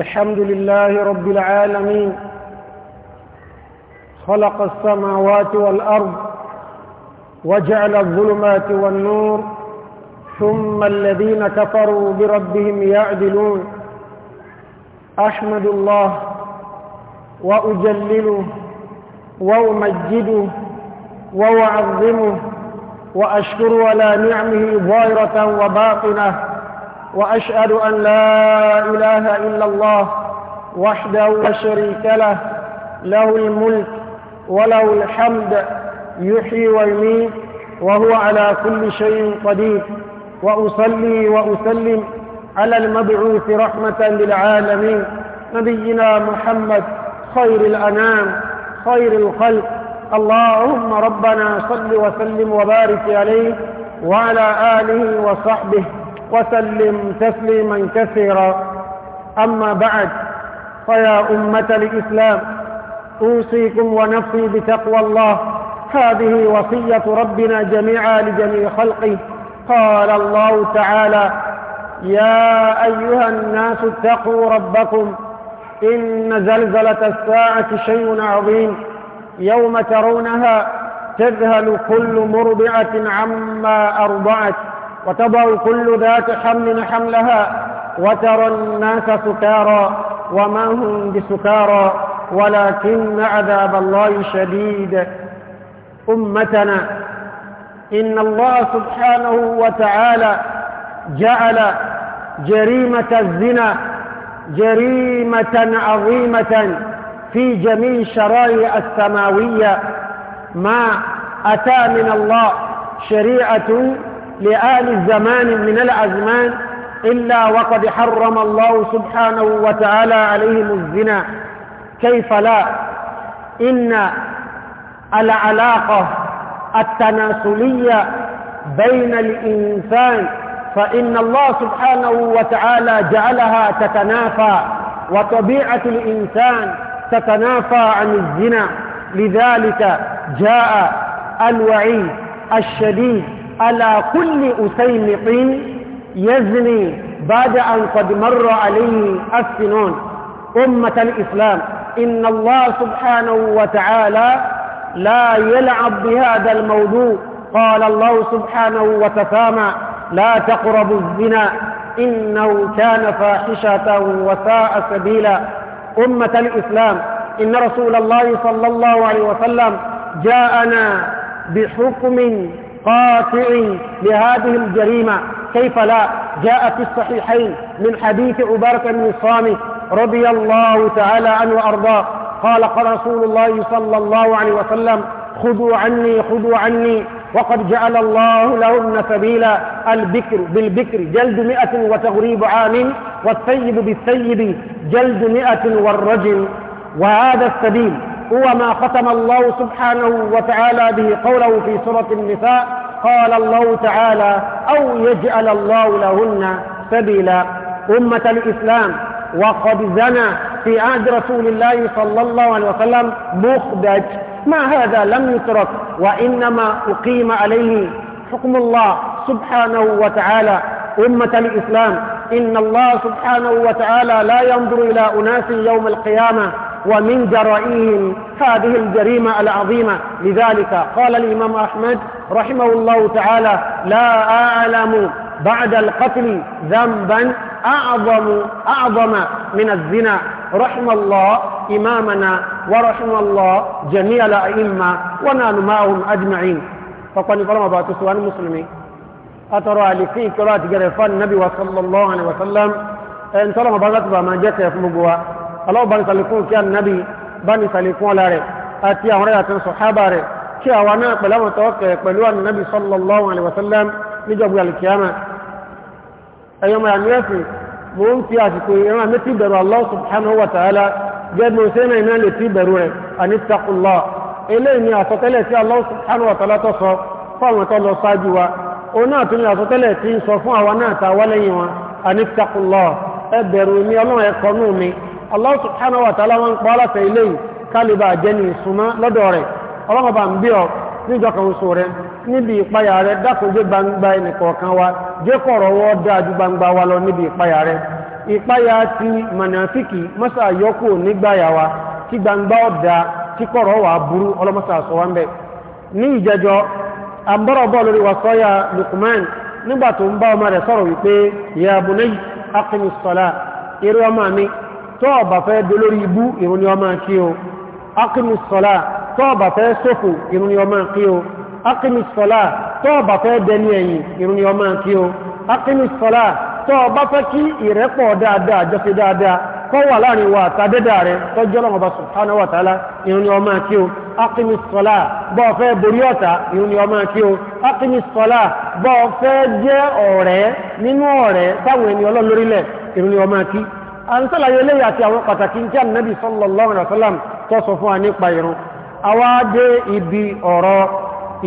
الحمد لله رب العالمين خلق السماوات والأرض وجعل الظلمات والنور ثم الذين كفروا بربهم يعدلون أحمد الله وأجلله وأمجده وأعظمه وأشكر على نعمه ظاهرة وباطنة واشهد ان لا اله الا الله وحده لا شريك له له الملك وله الحمد يحيي ويميت وهو على كل شيء قدير واصلي واسلم على المبعوث رحمه للعالمين نبينا محمد خير الانام خير الخلق اللهم ربنا صل وسلم وبارك عليه وعلى اله وصحبه وسلم تسليما كثيرا أما بعد فيا أمة الإسلام أوصيكم ونفسي بتقوى الله هذه وصية ربنا جميعا لجميع خلقه قال الله تعالى يا أيها الناس اتقوا ربكم إن زلزلة الساعة شيء عظيم يوم ترونها تذهل كل مربعة عما أرضعت وتضع كل ذات حمل حملها وترى الناس سكارى وما هم بسكارى ولكن عذاب الله شديد أمتنا إن الله سبحانه وتعالى جعل جريمة الزنا جريمة عظيمة في جميع شرائع السماوية ما أتى من الله شريعة لآل الزمان من الأزمان إلا وقد حرم الله سبحانه وتعالى عليهم الزنا كيف لا إن العلاقة التناسلية بين الإنسان فإن الله سبحانه وتعالى جعلها تتنافى وطبيعة الإنسان تتنافى عن الزنا لذلك جاء الوعيد الشديد على كل أسيمق يزني بعد أن قد مر عليه السنون أمة الإسلام إن الله سبحانه وتعالى لا يلعب بهذا الموضوع قال الله سبحانه وتسامى لا تقربوا الزنا إنه كان فاحشة وساء سبيلا أمة الإسلام إن رسول الله صلى الله عليه وسلم جاءنا بحكم قاطع لهذه الجريمة كيف لا جاء في الصحيحين من حديث عبارة بن الصامت رضي الله تعالى عنه وأرضاه قال قال رسول الله صلى الله عليه وسلم خذوا عني خذوا عني وقد جعل الله لهن سبيلا البكر بالبكر جلد مئة وتغريب عام والثيب بالثيب جلد مئة والرجل وهذا السبيل هو ما ختم الله سبحانه وتعالى به قوله في سورة النساء قال الله تعالى أو يجعل الله لهن سبيلا أمة الإسلام وقد زنى في عهد رسول الله صلى الله عليه وسلم مخدج ما هذا لم يترك وإنما أقيم عليه حكم الله سبحانه وتعالى أمة الإسلام إن الله سبحانه وتعالى لا ينظر إلى أناس يوم القيامة ومن جرائهم هذه الجريمة العظيمة لذلك قال الإمام أحمد رحمه الله تعالى لا أعلم بعد القتل ذنبا أعظم, أعظم من الزنا رحم الله إمامنا ورحم الله جميع الأئمة ونال معهم أجمعين فقال فرما باتو سؤال المسلمين أترى لكي كرات جرفان النبي صلى الله عليه وسلم ẹni tọ́lọ̀mọ̀ bá ما máa jẹ́ Allah bá ní sàlékún kí annabi bá ní sàlékún ọlá rẹ̀ àti àwọn rẹ̀ àti sọ̀hábà rẹ̀ kí àwọn náà pẹ̀lú àwọn tọ́ọ̀kẹ̀ pẹ̀lú annabi sallallahu alaihi wasallam níjọba alkiyama ẹ̀yọ́mọ̀ àmìyàsì mo ń fi àsìkò ìran àmì tí bẹ̀rù Allah wa ta'ala gẹ́gbẹ̀ òṣèlú iná lè tí bẹ̀rù rẹ̀ àní takùlọ̀ eléyìí ni àsọtẹ́lẹ̀ tí Allah subhanahu wa ta'ala tó sọ lọ sáájú wa ó náà tún ní Allah subhanahu wa ta'ala wọn pọ́ láti ilé kálíbà jẹ́ ní ìsúnmọ́ lọ́dọ̀ rẹ̀ ọlọ́mọba ń bí ọ níjọ kan oṣù rẹ̀ níbi ìpayà rẹ̀ dákòjé gbangba ẹnìkọ̀ọ̀kan wa jẹ́ kọ̀rọ̀ wọ́ dáadú gbangba wa lọ níbi ìpayà rẹ̀ ìpayà ti mọ̀nàfíkì mọ́sà yọkù nígbàyà wa tí gbangba ọ̀dà tí kọ̀rọ̀ wà burú ọlọ́mọsà sọ wá ń bẹ̀ ní ìjẹjọ àbọ̀rọ̀bọ̀ tọ́ọ̀bà fẹ́ dolórí ibú ìrun ni ọmọ kí o aqimis sọ́lá tọ́ọ̀bà fẹ́ sófò ìrun ni ọmọ kí o aqimis sọ́lá tọ́ọ̀bà fẹ́ dẹni ẹ̀yìn ìrun ni ọmọ kí o aqimis sọ́lá tọ́ọ̀bà fẹ́ kí ìrẹ́pọ̀ dáadáa jọ́sí dáadáa kọ́ wà láàrin wa tàdédà rẹ̀ tọ́jọ́ lọ́wọ́ bá subhanahu wa ta'ala ìrun ni ọmọ kí o aqimis sọ́lá bọ́ a ń sàlàyé lẹ́yìn àti àwọn pàtàkì tí ànábì sallallahu alaihi wasallam tó sọ fún wa nípa irun awá dé ibi ọ̀rọ̀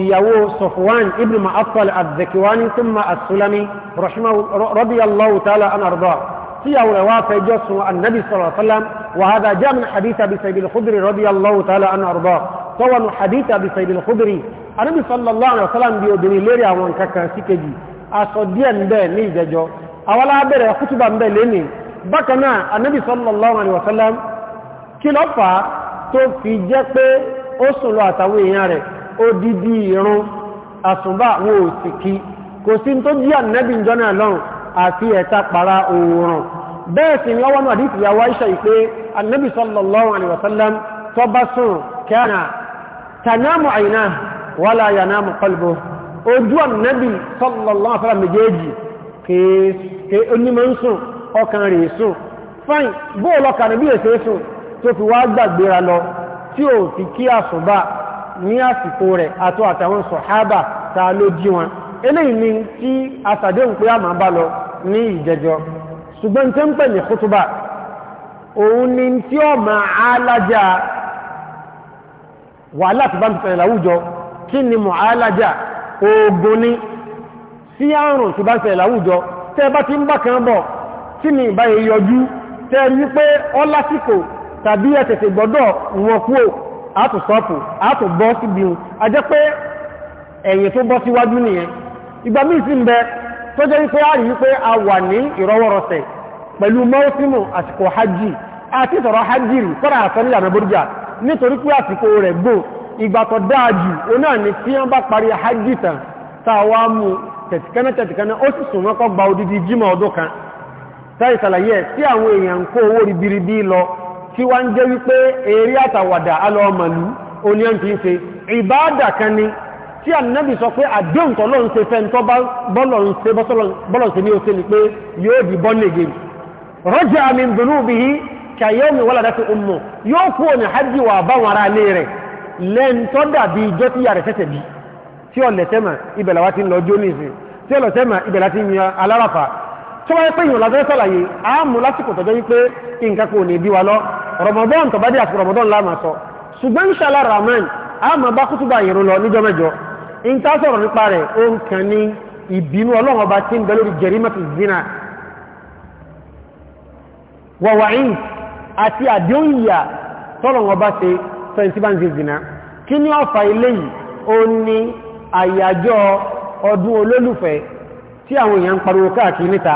ìyàwó Safwan ibn Ma'attal az-Zakwani thumma as-Sulami radiyallahu ta'ala an arda tí yàwó rẹ̀ wá fẹ́ jọ sun ànábì sallallahu alaihi wasallam wa hadha ja'a min hadith Abi Sa'id al-Khudri radiyallahu ta'ala an arda tọwọn hadith Abi Sa'id al-Khudri ànábì sallallahu alaihi wasallam bí obìnrin bákaná anábì sallallahu alaihi wasallam kí lọ fà tó fi jẹ́ pé ó sùn lọ àtàwọn èèyàn rẹ̀ ó dídí ìrun àsùnbà wọn ò sì kí kò sí tó jí anábì jọna lọ́rùn àti ẹ̀ta para oòrùn bẹ́ẹ̀ sì ni ọwọ́ náà àdíkì yàwó Aisha ìpé anábì sallallahu alaihi wasallam tó bá sùn kana ojú anábì sallallahu alaihi wasallam méjèèjì kèé onímọ̀ ń sùn ọkàn rẹ̀ sùn fine bóòlù ọkàn rẹ̀ bí èsè sùn tó fi wá gbàgbéra lọ tí o fi kí àsùbá ní àsìkò rẹ̀ atọ àtàwọn sọ̀hábà ta ló jí wọn eléyìí ni tí asàdéhùn pé a bá lọ ní ìjẹjọ ṣùgbọ́n tí ó ń ni tí ó ma wà láti bá ń tẹ̀lẹ̀ láwùjọ kí ni mọ̀ ogun sí àrùn tí bá ń tẹ̀lẹ̀ ti ń kan bọ̀ tí ni ìbáyé yọjú tẹ́rí wípé ọ lásìkò tàbí ẹ̀tẹ̀tẹ̀ gbọ́dọ̀ wọn kú àtò sọ́pù àtò bọ́ sí bí a jẹ́ pé ẹ̀yìn tó bọ́ síwájú nìyẹn ìgbà míì sí ń bẹ tó jẹ́ wípé a rí wípé a wà ní ìrọwọ́rọsẹ̀ pẹ̀lú àsìkò hajj àti hajj rí sọ́rọ̀ nítorí pé àsìkò rẹ̀ gbò gba odidi jímọ̀ ọdún kan táì sàlàyé tí àwọn èèyàn kó owó ribiribi lọ tí wá ń jẹ́ wípé eré àtàwàdà alọ́ọ̀mọ̀lú oníyàn ti ń ṣe ìbáàdà kan ni tí ànábì sọ pé àdéhùn ń ṣe fẹ́ tọ́ bọ́lọ̀ ó ṣe ni pé yóò di bọ́nẹ̀gẹ̀ rọ́jà min dhunubihi kàyẹ́mì wọ́lá dákẹ́ ọmọ yóò kú òní hajji wà báwọn ará lé rẹ̀ lẹ́ntọ́ dàbí ìjọ tí yà rẹ̀ tẹ́tẹ̀ bí tí ọ̀lẹ̀tẹ́mà ibẹ̀lá wá ti ń lọ tó wáyé pé ìyàn lásán sàlàyé a mú lásìkò tọ́jọ́ wípé nǹkan kò ní bí wa lọ rọmọdọ́n tó bá dé àti rọmọdọ́n láàmà sọ ṣùgbọ́n ìṣàlá rahman a mọ̀ bá kútùbà ìrún lọ níjọ́ mẹ́jọ in ta sọ̀rọ̀ nípa rẹ̀ ó ń kàn ní ìbínú ọlọ́run ọba tí ń bẹ lórí jẹ̀rímọ́tì zina wọ̀wàáyìn àti àdéhùn ìyà ṣe fẹ́ntíbáǹsì tí àwọn èèyàn ń pariwo káàkiri níta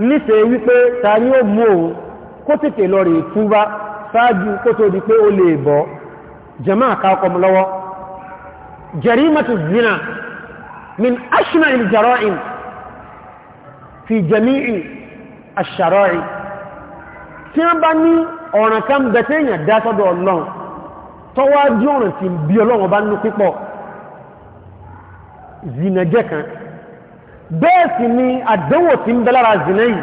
nífẹ̀ẹ́ wípé ta ni ó mú òun kó tètè lọ rí túbá ṣáájú kó tó di pé ó lè bọ́ jẹ́mọ́ àká ọkọ̀ mú lọ́wọ́ zina min ashna il jara'in fi jami'i ash-shara'i tí wọ́n bá ní ọ̀ràn kan bẹ̀tẹ̀yàn dá sọ́dọ̀ ọlọ́run tọ́wájú ọ̀ràn tí bí ọlọ́run bá nú pípọ̀ zina jẹ́ kan bẹ́ẹ̀ sì ni àdánwò tí ń bẹ lára zìnà yìí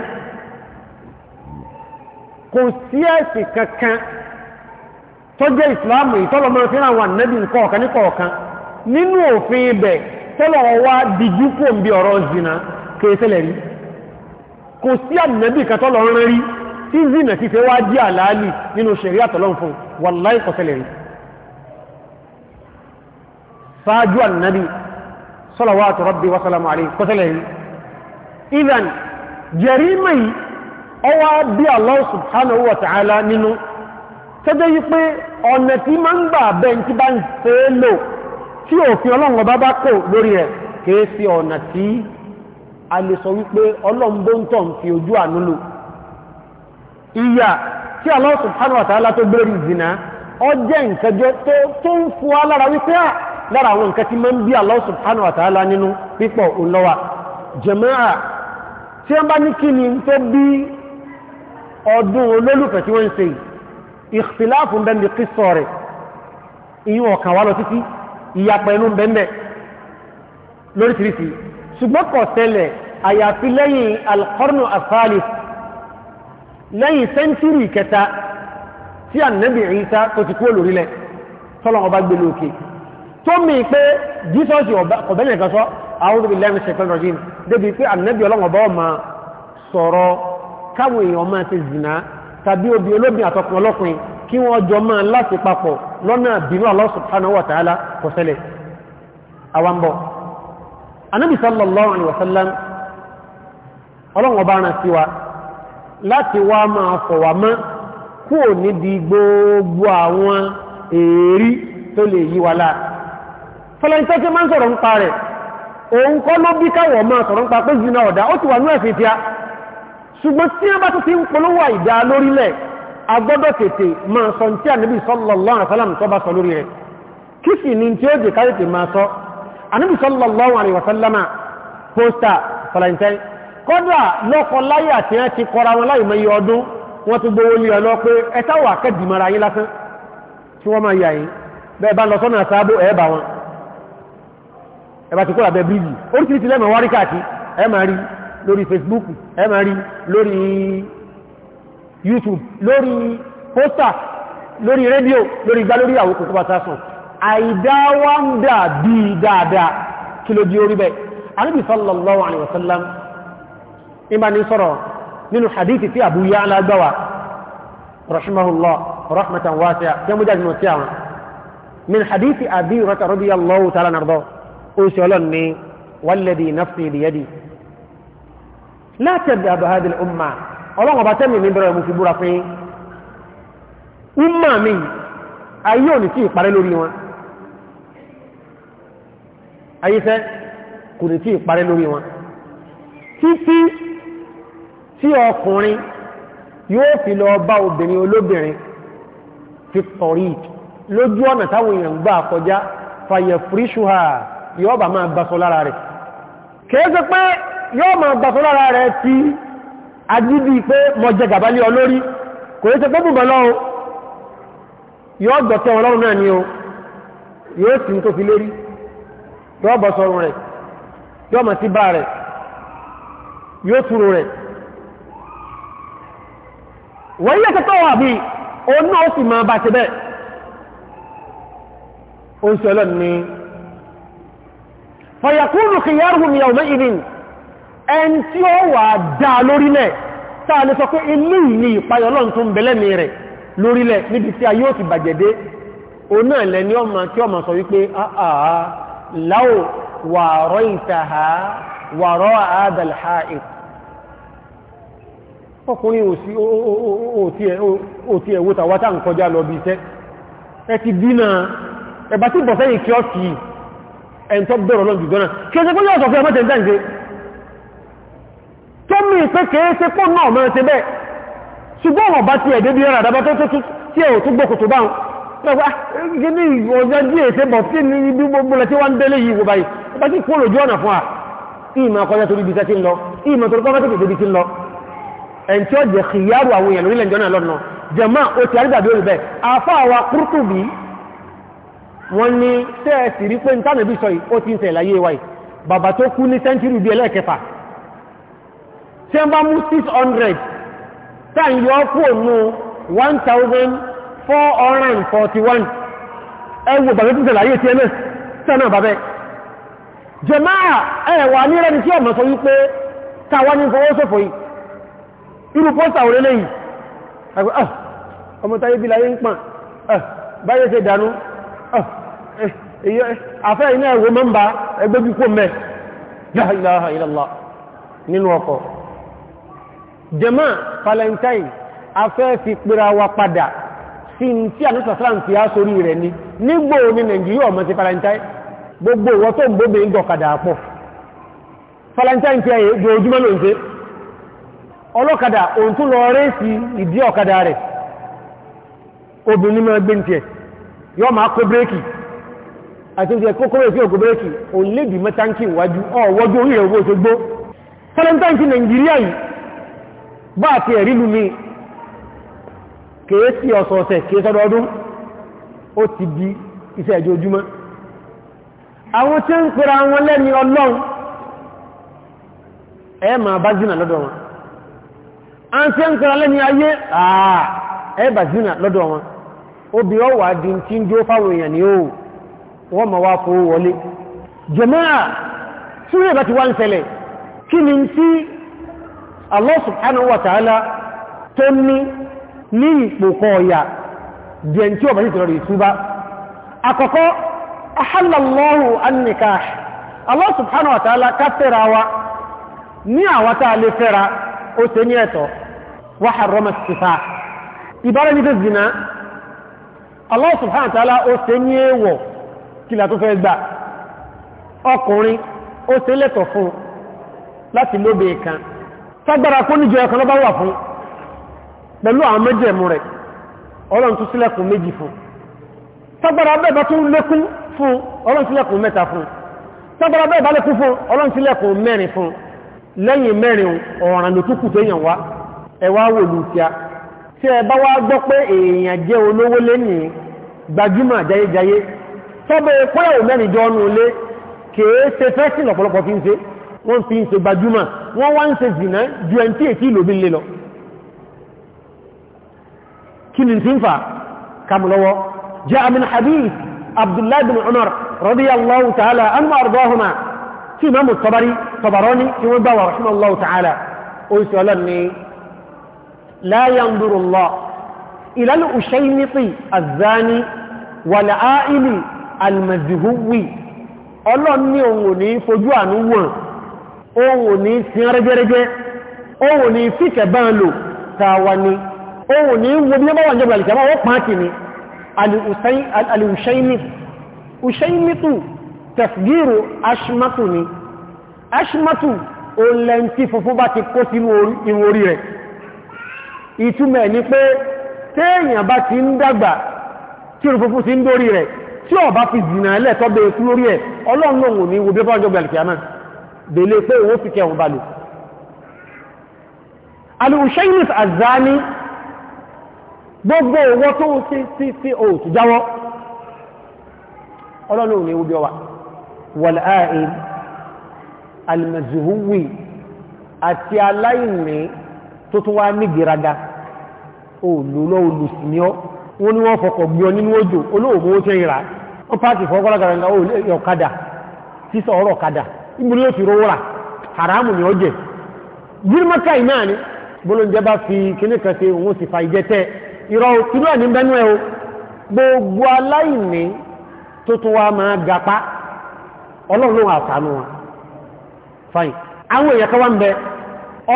kò sí ẹ̀sì kankan tó jẹ́ ìsìláàmù ìtọ́lọmọ fi ra àwọn ànábì nǹkọ̀ọ̀kan ní kọ̀ọ̀kan nínú òfin ibẹ̀ tọ́lọ̀ wá dìjú kò ń bí ọ̀rọ̀ zìnà kèèsẹ́lẹ̀ rí kò sí ànábì kan tọ́lọ̀ ń rí tí zìnà ti fẹ́ wá jí àlàálì nínú ṣẹ̀rí àtọ̀lọ́n fún wàláì kọ̀sẹ̀lẹ̀ rí ṣáájú ànábì صلوات ربي وسلامه عليه قتله اذا جريمه او ابي الله سبحانه وتعالى منه tẹ́jẹ́ yí pé ọ̀nà tí ma ń gbà bẹ́ tí bá ń fẹ́ lò tí òfin ọlọ́run ọba bá kò lórí ẹ̀ kìí sí ọ̀nà tí a lè sọ wípé ọlọ́mbó ń tọ̀ ń fi ojú ànúlò ìyà tí Allah subhanahu wa ta'ala tó gbérí ìzìnà ọjẹ́ ìkẹjẹ́ tó ń fún alára wípé à lára àwọn nǹkan tí máa ń bí Allah subhanahu wa ta'ala nínú pípọ̀ olówà jẹ̀mọ́ra tí wọ́n bá ní kí ni tó bí ọdún olólùfẹ́ tí wọ́n ń ṣe ìfìláàfù bẹ́ẹ̀ kìsọ̀ rẹ̀ ìyún ọ̀kan wá lọ títí ìyapa ẹnu bẹ́ẹ̀ lóríṣiríṣi ṣùgbọ́n kò ṣẹlẹ̀ tó mi pé jesus ọ̀bẹ̀lẹ̀ kan sọ àwọn ibi lẹ́rin ṣẹ̀pẹ̀lẹ̀ rọ̀jìn débi pé ànẹ́bí ọlọ́wọ̀bá ọmọ sọ̀rọ̀ káwọn èèyàn máa ti zìnà tàbí obi olóbin àtọkùn ọlọ́kùnrin kí wọ́n jọ máa láti papọ̀ lọ́nà bínú Allah subhanahu wa ta'ala kò ṣẹlẹ̀ àwambọ̀ anábì sallallahu alaihi wasallam ọlọ́wọ̀n bá rán sí wa láti wá máa fọ̀ wá mọ́ kúrò níbi gbogbo àwọn èrí tó lè yí wa láà fọlọ́ntẹ́ tí máa ń sọ̀rọ̀ ń pa rẹ̀ òun kọ́ ló bí káwọ̀ máa sọ̀rọ̀ ń pa pé zina ọ̀dá ó ti wà ní ẹ̀fẹ́ tíá ṣùgbọ́n tí a bá tó ti ń polówó àìdá lórílẹ̀ agbọ́dọ̀ tètè máa sọ tí ànábì sallallahu alaihi wasallam tó bá sọ lórí rẹ̀ kí sì ni tí ó sallallahu alaihi wasallam pósítà fọlọ́ntẹ́ kọ́dà lọ́kọ láyé àti ẹ ti kọra wọn láì mẹ́yẹ ọdún wọ́n ti gbowó lé ọlọ́ pé ẹ táwà kẹ́dìmọ́ra yín ẹ̀bá ti kó làbẹ́ bíríjì oríṣiríṣi lẹ́mọ̀ wárí káàkiri ẹ máa rí lórí Facebook ẹ máa rí lórí YouTube lórí pósítà lórí rédíò lórí igbá lórí àwọn kòkó pàtàkùn àìdáwà ń dà bí dáadáa kí ló di orí bẹ́ẹ̀ anábì sallallahu alaihi wasallam ìbá ní sọ̀rọ̀ nínú hadithi tí Abu Ya'la gbáwa rahimahullah rahmatan wasi'a tí wọ́n mú jáde nù sí àwọn ó sì ọlọ́run ní walladhi nafsi biyadi látẹ̀dẹ̀ àbáhádìl umma ọlọ́run ọba tẹ́mì mi bẹ̀rẹ̀ mú fi búra pé umma mi ayé ò ní tí ìparẹ́ lórí wọn ayé fẹ́ kò ní tí ìparẹ́ lórí wọn títí tí ọkùnrin yóò fi lọ bá obìnrin olóbìnrin fi tọ̀rí lójú ọ̀nà táwọn èèyàn gbà kọjá fàyẹ̀ fúríṣù hàá yóò bà máa gbàsọ lára rẹ̀ kẹ́ẹ́sẹ́ pé yóò máa gbàsọ lára rẹ̀ ti agídí pé mọ jẹ gàbálé olórí kò yẹ́ tẹ́gbẹ́ bùbọ̀ lọ́wọ́ yóò gbọ̀tẹ́ ọlọ́run náà ni o yóò sì ń tó fi lérí yóò bọ̀ sọ̀rọ̀ rẹ̀ yóò mọ̀ sí bá rẹ̀ fàyàkúrù kìyàrùn ni ọmọ ìrìn ẹn tí ó wà dá lórílẹ̀ tàà lè sọ pé ilé ìní ìpayọ̀lọ́n tó ń bẹ̀lẹ̀ mi rẹ̀ lórílẹ̀ níbi tí a yóò ti bàjẹ̀dé o náà lẹ́ni ọmọ tí ọmọ sọ wípé àà láò wàrọ̀ ìtàhà ẹ̀ntọ́ bẹ̀rọ̀ lọ́n jù gọ́nà kí ẹsẹ́ pọ́lọ́ ọ̀sọ̀fẹ́ ọmọ tẹ̀ntẹ́ ǹdẹ́ tó mú ìpé kèése pọ́ náà mọ́ ẹsẹ́ bẹ́ẹ̀ ṣùgbọ́n ọ̀bá ti ẹ̀dẹ́ bí ẹ̀rọ àdábá tó tí ẹ̀ tó gbókòtò bá ẹ̀ntí ọjẹ̀ kìyàrù àwọn èèyàn lórílẹ̀ ìjọ náà lọ́nà jẹ̀má o ti àrígbàbí olùbẹ̀ àfáà wa Qurtubi wọ́n ní tẹ́ẹ̀sì rí pé ní tánàbí sọ ó ti ń tẹ̀ láyé wáyé bàbá tó kú ní sẹ́ńtírì bí ẹlẹ́ẹ̀kẹfà tí wọ́n bá mú 600 tàn yọ kú ònú 1441 ẹwọ bàbá tó tẹ̀ láyé tí ẹlẹ́ tẹ́nà bàbẹ́ jẹmáà ẹ̀wà ní rẹni tí ọmọ sọ wípé tàwa ní fọwọ́sọ̀fọ̀ ah, ah, báyé ṣe dànú ah, Eh, eh, eh, afẹ́ iná ẹ̀wọ̀ mẹ́mbà ẹgbẹ́ púpọ̀ mẹ́ la ilaha illallah nínú ọkọ̀ Jaman valentine afẹ́ fi pèrà wa padà sí tí a sáàm fi á sórí rẹ̀ ni nígbò ní nigeria ọmọ ti valentine gbogbo ìwọ́ tó ń gbóbe valentine ti ẹ̀yẹ àti oúnjẹ kókóró sí òkú bẹ́ẹ̀kì o lè dì mẹ́táǹkì wájú ọ̀wọ́jú orí ẹ̀wọ́ tó gbó tẹ́lẹ̀ntáǹkì nàìjíríà yìí bá àti ẹ̀rí lù kèésì ọ̀sọ̀ọ̀sẹ̀ kèésọ́dọọdún ó ti di iṣẹ́ ìjọjúmọ́ àwọn a wọ́n ma wá fowó wọlé jẹmáà tí rẹ̀ bá ti wá ń ṣẹlẹ̀ kí ni tí Allah subhanahu wa ta'ala tó ní ní ipò kọ̀ọ̀yà jẹ́ tí ọba títọrọ ìtúbá àkọ́kọ́ ahallallahu ó ṣe ní ẹ̀tọ́ wa harrama Allah subhanahu wa ta'ala ó ṣe ní èèwọ̀ kí la tó fẹ́ gbà ọkùnrin ó ṣe lẹ́tọ̀ fún láti lóbe kan tágbára kó níjọ ẹ̀kan lọ́bá wà fún pẹ̀lú àwọn méjèmú rẹ̀ ọlọ́run tún sílẹ̀kùn méjì fún tágbára bẹ́ẹ̀ bá tún lékún fún ọlọ́run sílẹ̀kùn mẹ́ta fún tágbára bẹ́ẹ̀ bá lékún fún ọlọ́run sílẹ̀kùn mẹ́rin fún lẹ́yìn mẹ́rin ọ̀ràn ló tún kù téèyàn wá ẹwà wòlù tíá tí ẹ bá wá gbọ́ pé èèyàn jẹ́ olówó lẹ́nìí gbajúmọ̀ jayéjayé tọ́bẹ̀ ìpínlẹ̀ òmẹ́rin jọ ọnù olé kèé ṣe fẹ́sìn ọ̀pọ̀lọpọ̀ fi ń ṣe wọ́n fi ń ṣe gbajúmọ̀ wọ́n wá ń ṣe zìnà ju ẹn tí èkí ìlòbí lè lọ kí ni tí ń fà kàmùlọ́wọ́ jẹ́ amin hadith abdullahi umar radiyallahu ta'ala an ma ardahuma tí imamu tabari tabaroni tí wọ́n gbáwà rahimallahu ta'ala almazihuwi ọlọ́run ní òun ò ní fojú àánú wọ̀n òun ò ní sin rẹ́gẹ́rẹ́gẹ́ òun ò ní fíkẹ̀ bá ń lò tàwa ni òun ò ní wo bí wọ́n wọ́n jẹ́ gbàlìkẹ́ wọ́n pàákì ni alìhùsẹ́yìnmítù tẹ̀fgíru ashmatu ni ashmatu o lẹ́ntí funfun bá ti kó sínú irun orí rẹ̀ ìtumẹ̀ ni tí ọba fi zìnà ẹlẹ́ tọ́gbẹ̀ ikú lórí ẹ̀ ọlọ́run lòun ò ní wo bí bá ọjọ́ gbẹ̀lẹ̀ kìíyàmá bèèlè pé owó fi kẹwọn balò alùsẹ́yìnìf àzáni gbogbo owó tó ń sí sí sí òòtù jáwọ́ ọlọ́run ní wo ọwà wàláàín alìmẹ̀zùhúwì àti aláìní tó tún wá ní gìraga òòlù wọ́n ní wọ́n fọkọ̀ gbọ́ nínú òjò olóògbò ó tẹ́ ìrà wọ́n pàtì fọ́gọ́lágàràngà a ni fi fa o gbogbo aláìní tó tó wá máa gapá ọlọ́run lóhun àṣàánú wọn fine àwọn èèyàn kan wá ń bẹ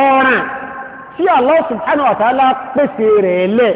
ọ̀ràn tí Allah subhanahu wa pèsè rẹ̀ lẹ́ẹ̀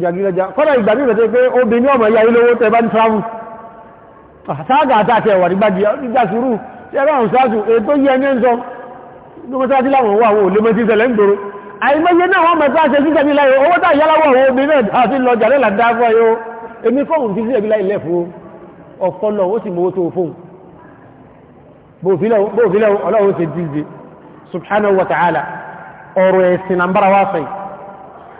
jàgílẹ́já kọ́nà ìgbà ní ìrẹ̀tẹ́ pé obìnrin ọmọ ìyá ilé owó tẹ bá ń travel sáàgà ah, àtàtẹ ẹ̀wà nígbàjì nígbà sùúrù tí ẹ̀rọ àwọn sáàtù ètò yí ẹni ń sọ ní wọ́n sáàtì láwọn owó àwọn olèmọ́ sí ìṣẹ̀lẹ̀ ń gbòrò àìmọye náà wọ́n mẹ́ta ṣe síṣẹ́ nílá yóò owó táà yáláwọ̀ àwọn obìnrin náà àti lọ jàlẹ́ làdá fún ẹyọ èmi fọ́ọ̀hún fi síṣẹ́ ọ̀rọ̀ ẹ̀sìn àmbára wá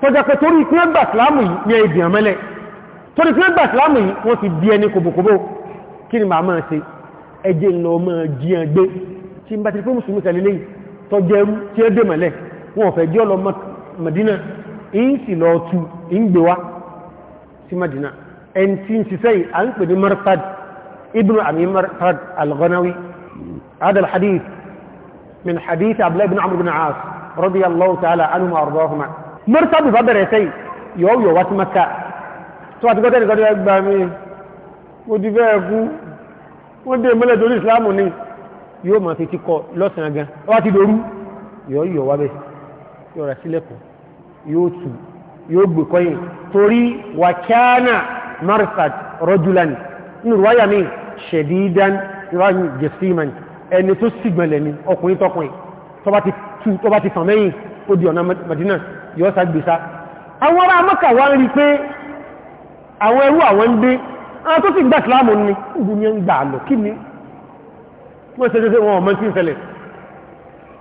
tọ́jà pé torí kí wọ́n gbà sílámù yìí ní ẹ̀dì àmẹ́lẹ̀ torí kí wọ́n gbà sílámù yìí wọ́n ti bí ẹni kòbòkòbò kí ni màá máa ṣe ẹjẹ́ lọ máa jíyàn gbé tí n bá ti pé mùsùlùmí tẹ̀lélé tọ́jẹ́rú tí ẹ dé mẹ́lẹ̀ wọ́n fẹ́ jẹ́ lọ Madina ń sì mọ́rítàbù bá bẹ̀rẹ̀ sẹ́yìn yọ́ yọ̀ wá sí maka tó wà ti gọ́tẹ́ nìkan tó yẹ gbà mí ó di fẹ́ kú wọ́n dé mọ́lẹ̀ torí ìsìláàmù ni yóò máa fi ti kọ lọ́sàn gan ó wá ti dorú yọ́ yọ̀ wá bẹ́ẹ̀ yọ̀ rà sílẹ̀kùn yóò tù yóò gbè kọ́yìn torí wàkíánà marsad rọ́júlani ní ìrúwáyà mi ṣẹ̀dídán ìrúwáyà jẹ̀síman ẹni tó sì gbọ̀nlẹ̀ ni ọkùnrin tọkùnrin tó bá ti fàn ó di ọ̀nà Madina yọ́ sàgbèsá àwọn ará Mọ́kà wá ń rí pé àwọn ẹrú àwọn ń dé àwọn tó sì gbà sílámù ní ìbú ní ń gbà lọ kí ni wọ́n ṣe ṣe wọn ọmọ sí ìṣẹ̀lẹ̀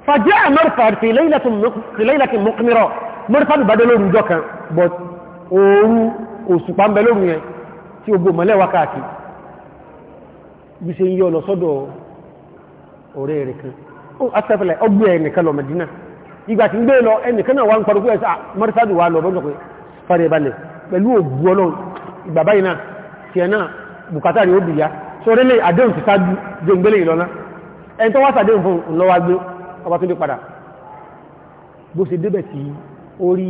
fàjẹ́ àmọ́rìfàd fìlẹ́ìlàtì mọ́kànlọ́ mọ́rìfàd bá dé lóru ìjọ kan but ooru òṣùpá ń bẹ lóru yẹn tí ogbò mọ́lẹ̀ wákàtí bí ṣe ń yọ lọ sọ́dọ̀ ọ̀rẹ́ rẹ̀ kan ó àtẹ́fẹ́lẹ̀ ọgbẹ́ ẹ̀ nìkan lọ Mẹ́dínà ìgbà tí ń gbé lọ ẹnìkan náà wá ń pọ̀rọ̀ pẹ́ẹ̀sà ah, mọ́rísàdù wà lọ lọ́jọ́ pé fara ìbalẹ̀ pẹ̀lú ògbú ọlọ́run ìgbàbá iná tí ẹ náà bùkátà rí ó bìyà so rí lè àdéhùn ti sáájú jẹ ìgbélé ìlọ́lá ẹni tó wá sàdéhùn fún lọ́wà gbé ọba tó dé padà bó ṣe débẹ̀ tí orí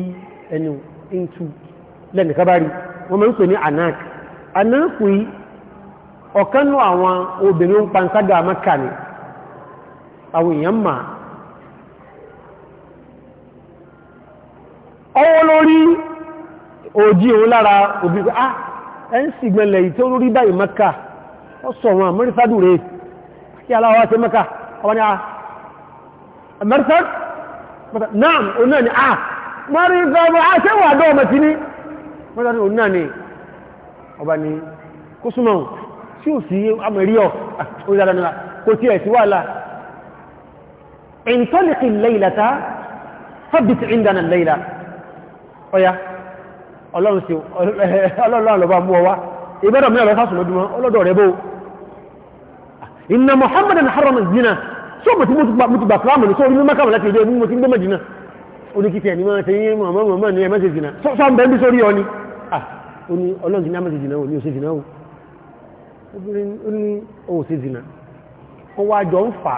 ẹnu intu lẹ́nìkan bá rí wọ́n mẹ́rin pè ní anak anáàkù yìí ọ̀kanú àwọn obìnrin ń àwọn èèyàn máa ọwọ́ lórí òjì òun lára òbí pé ah ẹn sì gbẹ̀lẹ̀ ìtẹ́ olórí báyìí mẹ́ka ó sọ wọn mẹ́rìsádù rẹ̀ kí aláwọ̀ ṣe mẹ́ka ọwọ́ ni ah mẹ́rìsád náà òun náà ni ah mẹ́rìsád ah ṣe wà dọ́ ọmọ tí ní mẹ́rìsád òun náà ni ọya ọlọ́run sí ọlọ́run lọ́bá mú ọwá ìbẹ́rọ̀ mìíràn lọ́sásùn lójúmọ́ ọlọ́dọ̀ rẹ̀ bó inna muhammadan harama zina so mo ti mo ti gbà fúlámù ní so orí mímọ́ká wà láti ìjọ ìmú mo ti ń gbé mẹ́jìnà oníkìtì ẹni máa tẹ́yìn mọ̀mọ́ mọ̀mọ́ ní ẹmẹ́sì zina so sọ bẹ́ẹ̀ bí sórí ọ ni ah oní ọlọ́run ti ní ẹmẹ́sì zina o ní òsè zina o obìnrin ó ní zina wọ́n wá jọ ń fà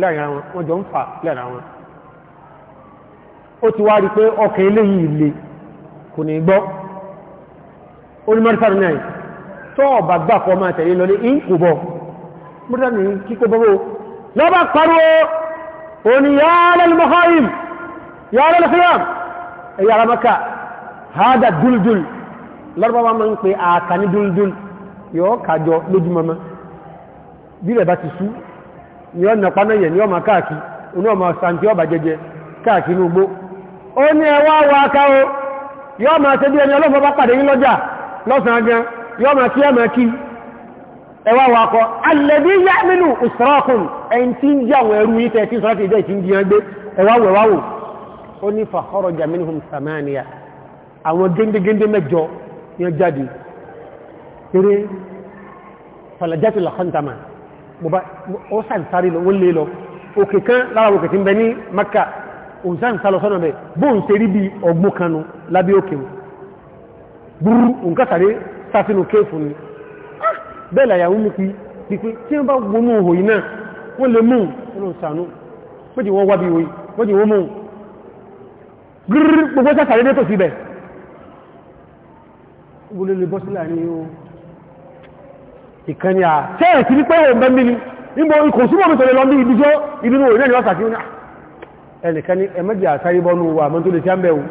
láàrin ara wọn wọ́n jọ ń fà wọn ó ti wá rí pé ọkàn eléyìí le kò ní gbọ́ onímọ̀rífàrí náà tó ọ̀bà gbà kọ máa tẹ̀lé lọ ní ìkò bọ̀ mọ́tàní kíkò bọ́bọ́ lọ́bà parọ́ òní yàálẹ́lùmọ́háìm yàálẹ́lùfíàm ẹ̀yà aramaka hádà dúldúl lọ́rọ̀bá máa ń pè àkà ní dúldúl yóò kàjọ lójúmọmọ bí ó ní ẹwà wà ká o yọ́ máa ṣe bí ẹni ọlọ́fọ́ bá pàdé yín lọ́jà lọ́sàn-án gan yọ́ máa kí ẹ̀mọ̀ kí ẹwà wà kọ́ alẹ́bí yá nínú ìsọ́rọ̀kùn ẹni tí ń jẹ́ àwọn ẹrú yìí tẹ́ tí sọ́rọ̀kì ìjẹ́ ìtìǹdì yẹn gbé ẹwà wẹ̀wà wò ó ní fàkọ́rọ̀jà minhum samaniya àwọn géńdégéńdé mẹ́jọ yẹn jáde eré falajatu lakantama ó sàǹtárì lọ wọ́n lé lọ òkè kan lára òkè tí ń bẹ ní Makka òǹsán sálọsọ́nà mẹ́ bóòn ṣe rí bí ọgbó kanú lábẹ́ òkè burú òǹkásàrí sáfínú kéfù ni ah, bẹ́ẹ̀lá yàwó mú kí pípé tí wọ́n bá wọnú òhò iná wọ́n lè mú olóòsànú méjì wọ́n wábí ìwòyí méjì wọ́n mú gbogbo sásàrí dé tó sí bẹ̀ gbogbo bọ́ ẹnìkan ẹmẹ́jì àtàrí bọ́nú wà mọ́ tó lè jẹ́ mẹ́wù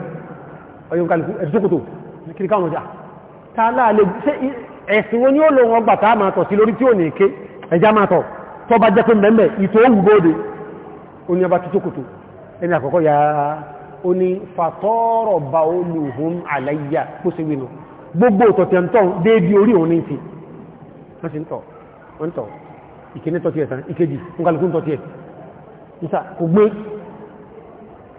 ọyún kàlùkù ẹ̀sùsókòtò ta láàlẹ́ ẹ̀sìn wọn ni ó lọ wọn gbà táà máa tọ̀ sí lórí tí ò ní ké ẹjá máa tọ̀ tọ́ bá jẹ́ pé mẹ́mẹ́ ìtò òwú bóde ó ní ọba tútókòtò ya ó ní fàtọ́rọ̀ bá ó lù hún àlàyé kó sì wínú gbogbo tọ̀tẹ̀ntọ̀ déédé orí òun ní ti wọ́n sì ń tọ̀ wọ́n tọ̀ ìkéní ẹ̀ nísà kò gbé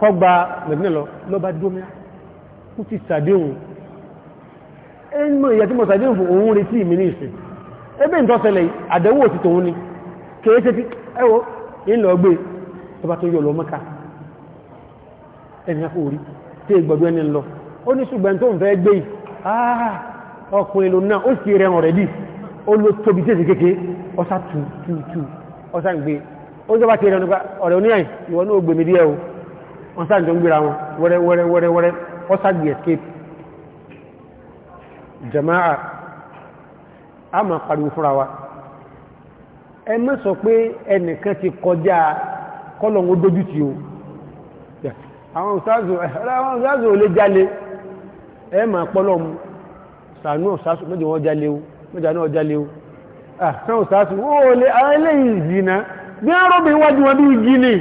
kọgba mẹ̀dínà lọ lọ́bá dómìnà ó ti sàdéhùn ẹnmọ̀ ìyà tí mọ̀ sàdéhùn fún òun retí ìmì ní ìsìn ẹgbẹ́ ìtọ́sẹlẹ̀ àdẹ́wò ti tòun ni kèése tí ẹwọ́ ìlọ gbé tọba tó yọ lọ mọ́ka ẹnìyàn orí tí ìgbọ̀gbọ́ ẹni lọ ó ní ṣùgbọ́n tó ń fẹ́ gbé ọkùnrin lò náà ó sì rẹ̀ ọ̀rẹ́ dì ó ló tóbi tí èsì kéèké ọsá tù tù tù ọsá ń gbé ó jọba ti rẹ̀ ọ̀rẹ́ oníyàn ìwọ náà gbèmí díẹ̀ o wọ́n sáàjọ ń gbéra wọn wẹ́rẹ́wẹ́rẹ́wẹ́rẹ́ wọ́n escape jama'a a ma pariwo fúnra wa ẹ mọ́ sọ pé ẹnìkan ti kọjá kọlọ̀wọ́ dójú ti o àwọn olè jálé ẹ ma pọ́lọ̀ mu sàánú òsáàzò mẹ́jọ wọn jálé o mẹ́jọ náà jálé o ìzìnà bí wọn bí ìjì ni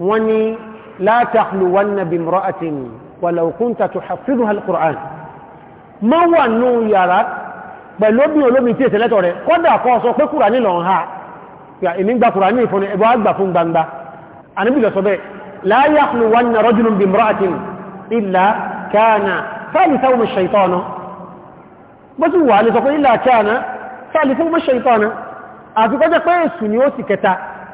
wọ́n ní la tahluwanna bimra'atin walau kunta tuhaffizuha al-Qur'an ma wà nù yàrá pẹ̀lú bí olómi tí ìṣẹ̀lẹ́tọ̀ rẹ̀ kọ́dà kọ́ sọ pé Kùránì lọ ha èmi gba Kùránì ìfúnni ẹbọ́ àgbà fún gbangba àníbì sọ bẹ́ la yahluwanna rajulun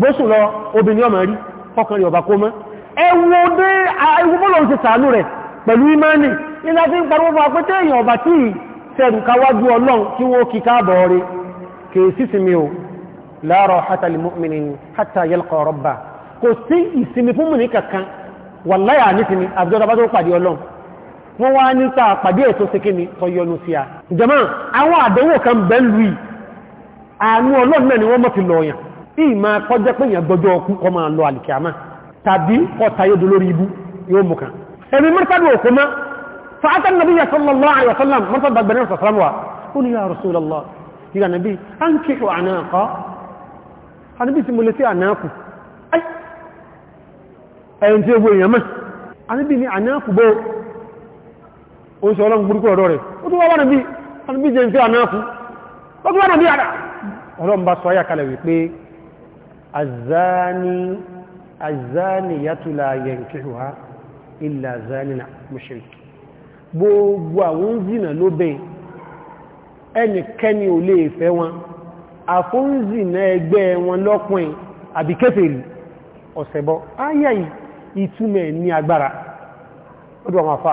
bóṣù lọ obìnrin ọmọ rí fọ́kànlẹ̀ ọba kó mọ́ ẹwọ́dé ẹwọ́bọ́lọ̀ ti sàánú rẹ̀ pẹ̀lú imani ilẹ̀ fi ń pariwo fún apẹ́tẹ́ èèyàn ọba tí sẹ̀rù káwájú ọlọ́run kí wọ́n kí káàbọ̀ rẹ̀ kèèsí sinmi o la rahata lil mu'minin hatta yalqa rabba kò sí ìsinmi fún mìíní kankan wallahi ní sinmi àbújọ́ bá tó pàdé wọ́n wá ní sáà pàdé ètò síkíní tọyọnu sí a jẹ́mọ́ àwọn àdánwò kan bẹ́ẹ̀ lùí àánú ọlọ́run ni wọ́n mọ̀ fi lọ́ọ̀yàn ìmá kọjẹ́ pé èyàn gbọjọ́ ọkú kọ máa lọ alìkìámá tàbí ọ̀tayédò lórí ibú yóò mú kan ẹ̀mí mọ́sádù òkú má fa'atan nabiyya sallallahu alaihi wasallam mọ́sádù gbẹ̀rẹ̀ sọ̀sọ́lọ́wà ó ní ya rasulallah ìrà nàbí an kíkọ ànáàkọ́ anábí ti mọ̀lẹ́sí ànáàkù ẹ̀yìn tí ewu èèyàn mọ́ anábí ni ànáàkù bó o ń sọ ọlọ́run burúkú ọ̀rọ̀ rẹ̀ ó tó wá wọ́n nàbí الزاني الزانية لا ينكحها إلا زاننا مشرك gbogbo àwọn zìnà ló bẹ́ ẹnikẹ́ni ò lè fẹ́ wọn àfóúnzìnà ẹgbẹ́ wọn lọ́pùn àbí kèfèrí ọ̀sẹ̀bọ́ ayayi ìtumẹ̀ ní agbára ọdún àwọn afá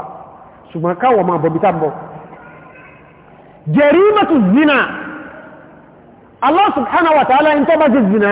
ṣùgbọ́n káwọ̀ ma bọ̀bí tàbọ̀ jẹ̀rí mẹ́tù zìnà Allah subhanahu wa ta'ala in tọ́bá ti zìnà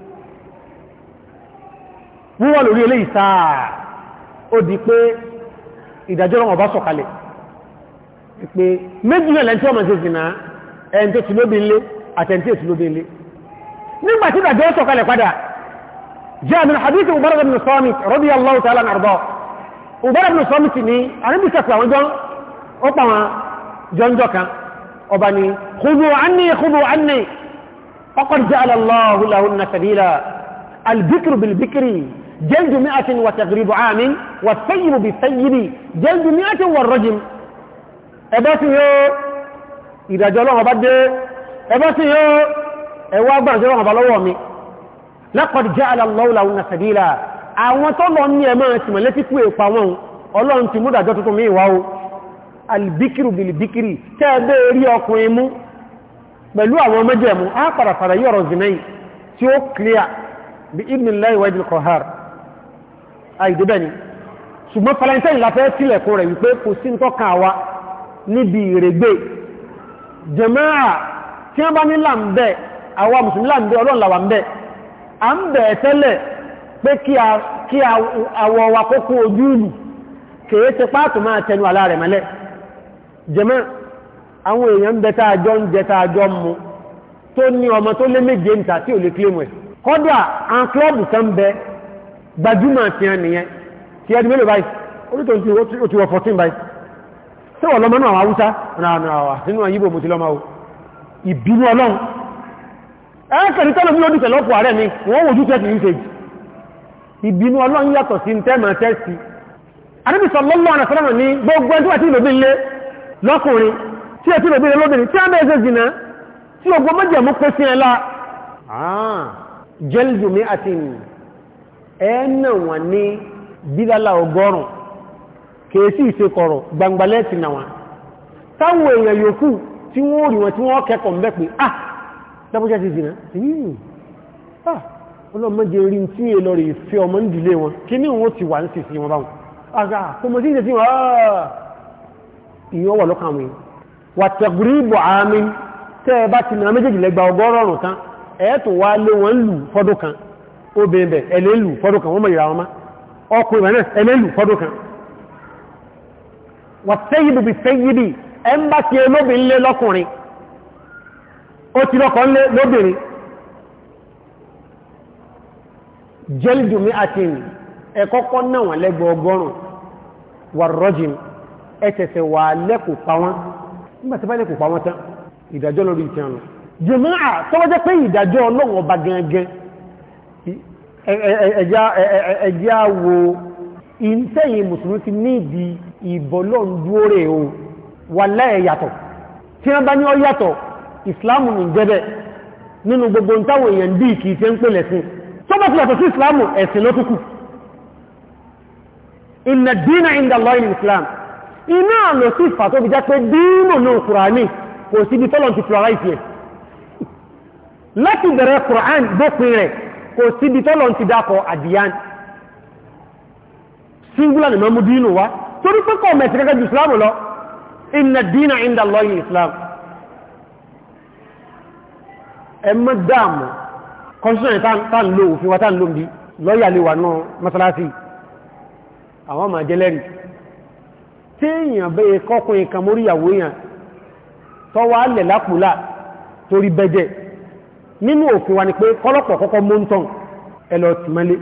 wọ́n wà lórí ilé ìsáà ó di pé ìdájọ́ ọ̀rọ̀ ọba sọ̀kalẹ̀ pé méjì náà lẹ́ntí ọmọ ìsìnkìnà ẹni tó ti lóbi ilé àtẹ̀ntí ètù lóbi ilé nígbàtí ìdájọ́ sọ̀kalẹ̀ padà جاء من حديث مبارك بن صامت رضي الله تعالى عنه أرضاه مبارك بن صامت ني أنا بسكوا وجن أطمع جن جوكا أبني خذوا عني خذوا عني فقد جعل الله لهن سبيلا البكر بالبكر جلد مئة وتغريب عام والثيب بالثيب جلد مئة والرجم ẹbọ́sí yóò ìdájọ́ ọlọ́run ọba dé ẹbọ́sí yóò ẹwà agbára ọlọ́run ọba lọ́wọ́ mi laqad ja'ala Allahu lahunna sabila àwọn tó lọ ní ẹmọ́ ẹ̀sìnmọ̀ létí kú èpa wọn ọlọ́run ti múdàjọ́ tuntun mi ìwá o albikiru bilibikiri tẹ́ẹ̀bẹ́ rí ọkùnrin mú pẹ̀lú àwọn mẹ́jẹ̀mú á àìdébẹ̀ ṣùgbọ́n Valentine la fẹ́ rẹ̀ wípé kò sí tọ́ka wa níbi ìrègbè jẹ̀mẹ́rà tí wọ́n bá ní làmbẹ́ àwa mùsùlùmí làmbẹ́ ọlọ́ọ̀làwà ń ń bẹ̀ tẹ́lẹ̀ pé kí àwọ̀ wa kókó ojú ìlú kèé ti àwọn bẹ gbajúmọ̀ tí a nìyẹn tí ẹdí mélòó báyìí orítò tí wọ 14 báyìí tí wọ́n lọ́mọ́nú àwọn awúsá ah, ah, ah, nínú àyíbò mo ti lọ́mọ́ o ìbínú ọlọ́run ẹ́kẹ̀rí tọ́lọ̀ mí lọ́dún tẹ̀lọ́pù ààrẹ mi wọ́n wòjú tẹ́tì usage ìbínú ọlọ́run yàtọ̀ sí tẹ́mà tẹ́sì Ànábì sallallahu alaihi wasallam ní gbogbo ẹjọ́ àti ìlòbí ilé lọ́kùnrin tí ẹ tí ìlòbí ilé lóbìnrin tí a mẹ́ ẹ̀ṣẹ́ jìnà tí ogun mọ́jẹ̀mú pé sí ẹlá jẹ́lìdùmí àti ìrìn ẹ̀ẹ́nà wọn ní bílálà ọgọ́rùn kèèsí ìṣekọ̀rọ̀ gbangbálẹ́ẹ̀tì náà wọn táwọn èèyàn yòókù tí wọ́n rí wọn tí wọ́n kẹ́kọ̀ọ́ mẹ́ pé ah dábọ́já ti zìnà ah ọlọ́mọdé rí tí è lọ rí fẹ́ ọmọ ń dìlé wọn kí ní wọ́n ti wà ń sì sí wọn báwọn àgbà kọmọ sí ah. ẹ̀ẹ́tù wá lé wọn lù fọ́dún kan obìnrin bẹ̀ ẹlẹ́lù fọ́dún wọ́n mọ̀ ìrà má ọkùn ìwẹ̀ náà ẹlẹ́lù fọ́dún wà sẹ́yìdù bí sẹ́yìdì ẹ bá lé lọ́kùnrin ó ti lọ́kọ̀ lé lóbìnrin àti ẹ̀kọ́kọ́ náà Wà lẹ́gbẹ̀ ọgọ́rùn wà rọ́jìn wà lẹ́kù tí bá jùmọ́ à tọ́wọ́jẹ́ pé ìdàjọ́ ọlọ́wọ́ ẹjẹ́ àwò ìsẹ́yìn mùsùlùmí ti ní ìdí ìbọ̀lọ́ndúó rẹ̀ o wà láẹ̀ yàtọ̀ tí wọ́n bá ní ọ yàtọ̀ ìsìláàmù ní jẹ́bẹ̀ nínú gbogbo táwọn èèyàn dí kìí tẹ́ ń pè lẹ́sìn tó bá ti yàtọ̀ sí ìsìláàmù ẹ̀sìn ló túkù inna dínà inda Allah in islam iná àlò sí ìfà tó fi já pé dínà náà kùránì kò sí ibi tọ́lọ̀ ti pluralize yẹ láti bẹ̀rẹ̀ kùránì dópin rẹ̀ kò síbi tọ́lọ̀ ti dákọ̀ àdìyàn singular ni mọ́mú dínú wá torí pé kọ́ mẹ́sì gẹ́gẹ́ jù islam lọ inna dínà inda Allahi islam ẹmọ́ dáàmù constitution tán ló òfin wa tán ló ń bí lọ́yà lè wà náà mọ́sálásí àwọn ọmọ àjẹ́lẹ́rì tí èèyàn bẹ́ẹ̀ kọ́kùn ìkàmóríyàwó bẹ́jẹ̀ nínú òfin wa ni pé kọ́lọ́pọ̀ kọ́kọ́ mọ́ntán ẹlọ tìmọ́lé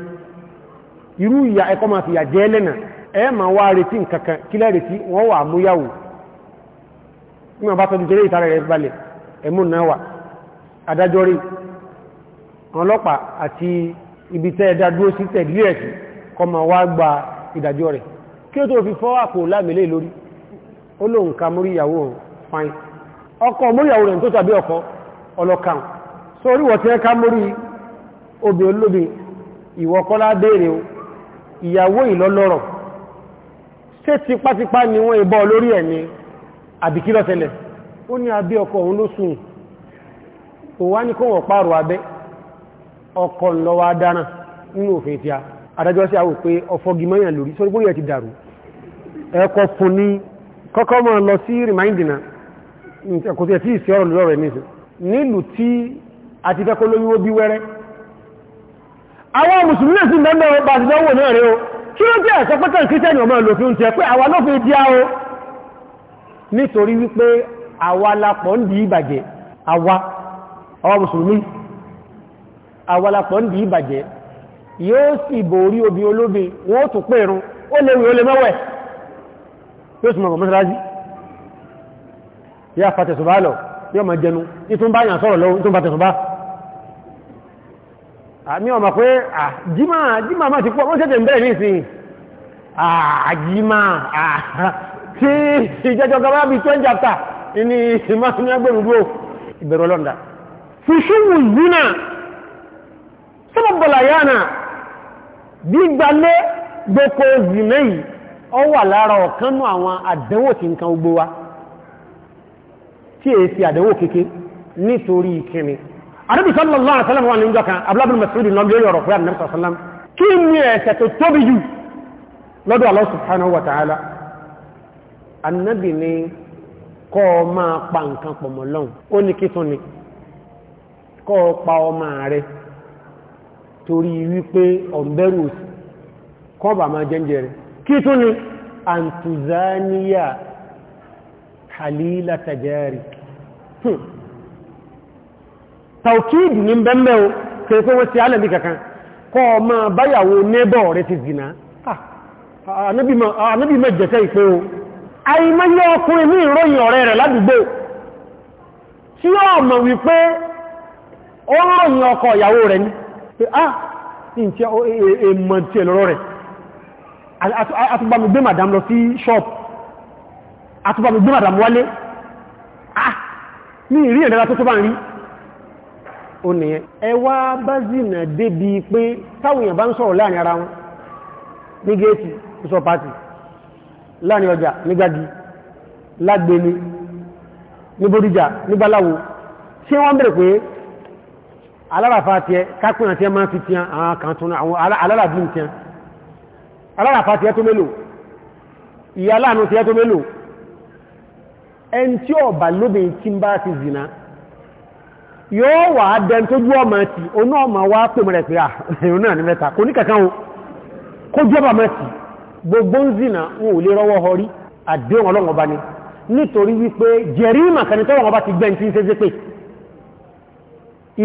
irú ìyà ẹkọ́ ma fi yà jẹ́ lẹ́nà ẹ ma wá retí nkankan kí lẹ́rìtí wọ́n wà múyàwó níwọ̀n bá tọ́jú jẹ́rẹ́ ìtara rẹ̀ balẹ̀ ẹmú náà wà adájọ́ rí ọlọ́pàá àti ibi tẹ́ ẹ̀dá dúró sí tẹ̀lé ẹ̀sì kọ́ ma wá gba ìdájọ́ rẹ̀ kí ó tó fi lórí ó lóun ka móríyàwó ọkọ̀ móríyàwó rẹ̀ tó tàbí ọkọ̀ ọlọ́kàun sórí wọ̀ tí ẹ ká mórí obì olóbi ìwọ̀kọ́lá béèrè ìyàwó ìlọ́lọ́rọ̀ ṣé tipátipá ni wọ́n ìbọ́ lórí ẹ̀ni àbìkílọ̀tẹ̀lẹ̀ ó ní abẹ́ ọkọ òun ló sùn òwá ní kó wọ́n abẹ́ ọkọ̀ lọ́wọ́ a ti dàrú nílùú tí àti fẹ́ kó lóyún ó bí wẹ́rẹ́ àwọn mùsùlùmí lè sí mẹ́mẹ́ bá ti dánwò náà rẹ o kí ló jẹ́ ẹ̀sọ́ pẹ́tẹ̀ kírísẹ́nì ọmọ ìlò fi ń tẹ́ pé àwa ló fi dí áwọ nítorí wípé àwa lápọ̀ ń di ìbàjẹ́ àwa àwọn mùsùlùmí àwa lápọ̀ ń di ìbàjẹ́ yóò sì borí obi olóbi wọ́n tún pé ó léwu ó lè mẹ́wẹ̀ yóò sì mọ̀ mọ́sárájí yá fàtẹ̀sùbá lọ yóò mọ̀ jẹnu ìtúnbá yàn sọ̀rọ̀ lọ́wọ́ ìtúnbá tẹ̀sùbá àmì ọmọ pé àjímà àjímà máa ti pọ̀ wọ́n tẹ́tẹ̀ ń ní ìsìn àjímà tí ìjẹjọ́ gaba bí tó ń ní ìmáàmì agbẹ̀rúgbò ìbẹ̀rù ọlọ́ndà fi ṣíwù zina yánà gbígbalé gbogbo zina ọ wà lára ọ̀kanú àwọn àdánwò tí nǹkan wa tí kéke nítorí arábì sallallahu alaihi wasallam wà ní ìjọ kan abúlábìn masudi lọ lórí ọ̀rọ̀ pé àmì nàìjíríà sallam kí ni ẹ̀ṣẹ̀ tó tóbi jù lọ́dọ̀ Allah subhanahu wa ta'ala annabi ni kọ́ máa pa nǹkan tàùkìdì ní bẹ́m̀bẹ̀ o kèrè pé wọ́n ti alẹ́bí kankan kọ́ ma báyàwó nébọ̀ rẹ̀ ti zìnà anábì ah, mẹ́jẹ̀kẹ́ ìpé o àìmọ́yẹ ọkùnrin ní ìròyìn ọ̀rẹ́ rẹ̀ ládùgbò tí ó mọ̀ wípé ó ròyìn ọkọ ìyàwó rẹ̀ ní pé á ah, tí ẹ lọ́rọ̀ rẹ̀ lọ sí madam wálé ah ní ìrí ìrẹ́ra tó tó bá ń rí ó nìyẹn ẹwà bá zìnà débi pé táwọn èèyàn bá ń sọ̀rọ̀ láàrin ara wọn ní géètì ìsọ pàtì láàrin ọjà nígbàgí lágbèmí ní bódìjà nígbàláwo tí wọ́n bèèrè pé alárafà tí ẹ kápínà tí ẹ máa fi tí àwọn kan tún àwọn alárafà ẹ yóò wà dẹn tó jú ọmọ ẹ̀tì oní ọmọ wá pè mẹ́rẹ̀ pé àrùn náà ní mẹ́ta kò ní kankan o kó jú ọmọ ẹ̀tì gbogbo ń zìnà wọn ò lè rọwọ́ ọrí àdéhùn ọlọ́wọ́ bá ní nítorí wípé jẹ̀rí màkàní tọ́wọ́ wọn bá ti gbẹ́ntí ń sézé pé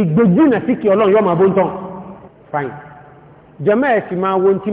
ìgbèjìnà sí kí ọlọ́run yóò fine jẹ́mọ́ ẹ̀ sì máa wo ti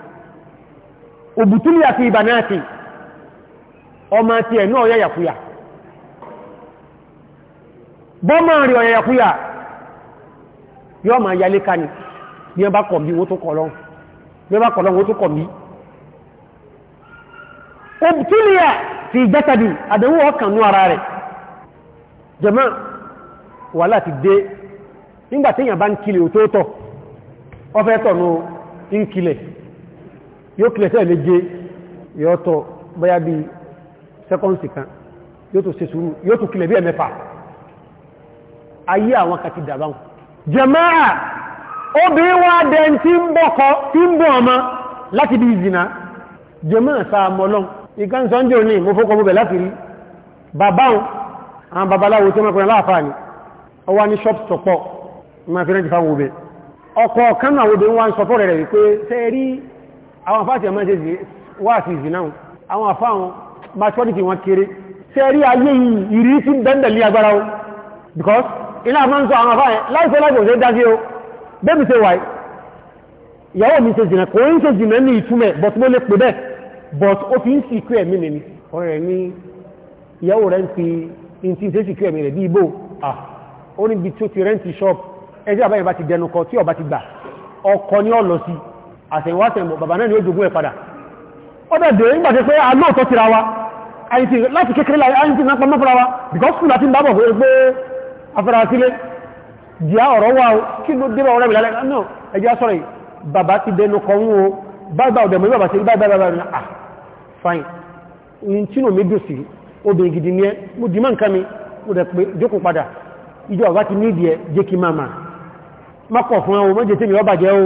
òbùtúlì àti ìbànáàtì ọmọ àti ẹ̀ náà bọ́mọ̀ rí ọ̀yàyàkúyà yọ́ ma yalé ká ní bí ẹbá kọ̀ bí wó tó kọ̀ bí ẹbá kọ̀ lọ́n àdẹ̀wò ọkànú ara rẹ̀ jẹ́mọ́ wà láti dé nígbàtíyàn bá ń kílẹ̀ ọfẹ́ tọ̀nù ń kílẹ̀ yóò kílẹ̀sẹ̀ lè jẹ yóò tọ́ bóyá bí sẹ́kọ́nsì kan yóò tó ṣe sùúrù yóò tó kílẹ̀ bí ẹ̀mẹ́fà ayé àwọn kàti dàbáhùn jẹmáà obìnrin wá dẹn tí ń bọ́kọ tí ń bọ́ ọmọ láti bí ìzìnà jẹmáà sáàmọ́lọ́n ìgánsọ́njẹ́ òní mo fọ́kọ́ mọ́bẹ̀ láti rí bàbáhùn àwọn náà obìnrin wá sọ fọ́rẹ̀ rẹ̀ wípé sẹ́rí àwọn àfáàtì ọmọ ṣe wà sí ìzìnà àwọn àfáàwọn maturity wọn kéré ṣe rí ayé ìrí sí bẹ́ndẹ̀lì agbára o because iná máa ń sọ àwọn àfáàyẹ láìsẹ́ láìsẹ́ òṣèré dájí o bébì ṣe wáyé ìyàwó mi ṣe jìnà kò ń ṣe jìnà ní ìtumẹ̀ but mo lè pè but ó fi ń sì ikú ẹ̀mí mi ni ọ̀rẹ́ ní ìyàwó rẹ̀ ń fi in ti ṣe sì ah ó níbi ti rẹ́ǹtì ṣọ́ọ̀pù ẹjọ́ àbáyẹ̀ ti dẹnukọ tí ọba ti gbà ọkọ ni ọ sí àtẹ̀wàtẹ̀mọ̀ bàbá náà ni ó jogún ẹ̀ padà ọ́dẹ̀dẹ̀ nígbàtí pé alóòtọ́ tira wa àìtì láti kékeré láì àìtì náà pàmọ́ fúnra wa because school àti ìbábọ̀ fún ẹgbẹ́ afẹ́rasílé jìá ọ̀rọ̀ wà kí ló dé ọ̀rẹ́ ìlàlẹ́ náà ẹjá sọ́rọ̀ bàbá ti dẹnu kọ ń wo bàbá ọ̀dẹ̀mọ̀ bàbá ti bàbá bàbá rẹ̀ ah fine in tí nù mí dùn sí obìnrin gidi ni ẹ mo dì máa nǹkan mi mo dẹ̀ pé jókòó padà ìjọ ọ̀gá ti ní ìdí ẹ jẹ́ kí máa máa má pọ̀ fún ẹ o mọ́jẹ́ tèmi ọ bàjẹ́ o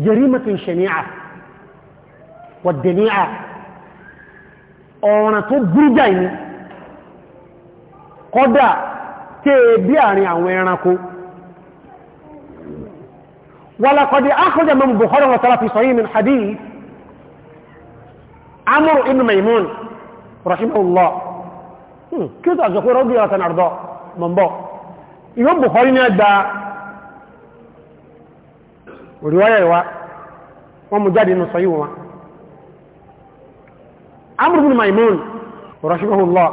جريمة شنيعة والدنيعة ọ̀ràn tó gúrújà yìí kọ́dà tí è bí àrin àwọn ẹranko wàlàkọ̀dì ákọ̀dà mọ́mù bukhari wa tàbí sọ yìí min hadith amur ibn maimun rahimahullah kí ó tàbí ọkùnrin rọ́gbìyàn àtànàrdọ̀ mọ̀mbọ̀ ìwọ́n bukhari ní ẹgbàá òríwáyà ìwá wọ́n mú jáde nù sọ́yí wọn Amr ibn Maimun rahimahullah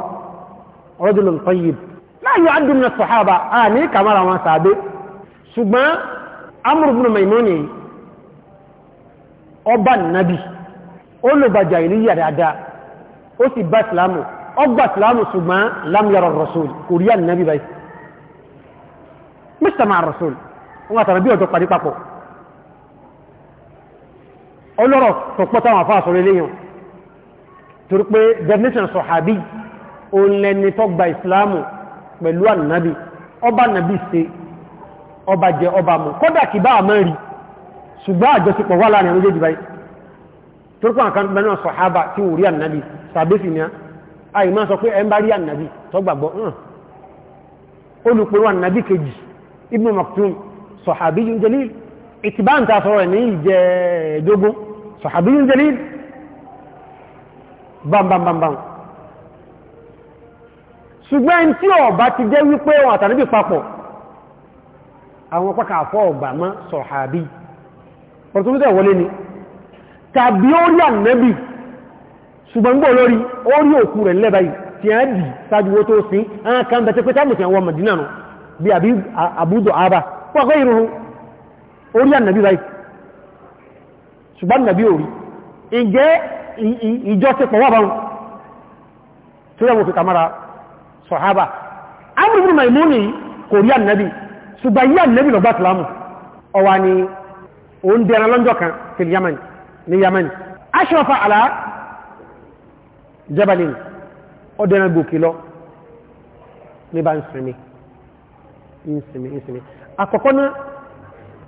rajulun tayyib la yu'addu min as-sahaba a ní kàmàrà wọn sàábé ṣùgbọ́n Amr ibn Maimun yìí ọba nàbì olùbàjà ìlú yà dáadáa ó sì bá ìsìlámù ọgbà ìsìlámù ṣùgbọ́n lámìyàrá rasul kò rí ànàbì báyìí mr ma'ar rasul wọn àtàrà bí ọjọ́ parí papọ̀ ọlọ́rọ̀ tó pọ́ táwọn àfáà sọ̀rọ̀ eléyàn torí pé definition sọ̀hábí O lẹni tó gba ìsìláàmù pẹ̀lú ànàbì ọba nàbì ṣe ọba jẹ ọba mú Kọ́dà kì bá àmọ́ ṣùgbọ́n àjọṣepọ̀ wà láàrin méjèèjì báyìí kejì sọ̀hábí ìtìbáǹtà sọ̀rọ̀ ẹ̀ ní ìjẹ́ ẹ̀dógún sọ̀hàbíyún jẹ́lì bambambambam ṣùgbọ́n tí ọba ti jẹ́ wípé wọn àtàríbì papọ̀ àwọn pàkà àfọ́ ọgbà mọ́ sọ̀hàbí ọ̀tọ́mítẹ̀ wọlé ni tàbí orí ànẹ́bì ṣùgbọ́n gbọ́ lórí orí òkú rẹ̀ lẹ́bà yìí orí ànàbí báyìí ṣùgbọ́n ànàbí orí ìjẹ́ ìjọ ti pọ̀ wọ́n tó yẹ́wò fi kamara sọ̀hábà amúrùn maimuni kò rí ànàbí ṣùgbọ́n yí ànàbí lọ gbá tìlámù ọwà ni ó ń dẹran lọ́njọ́ kan fil yamani ní yamani aṣọ́fà àlá jabalin ọdẹran gòkè lọ ní bá ń sinmi ń sinmi ń náà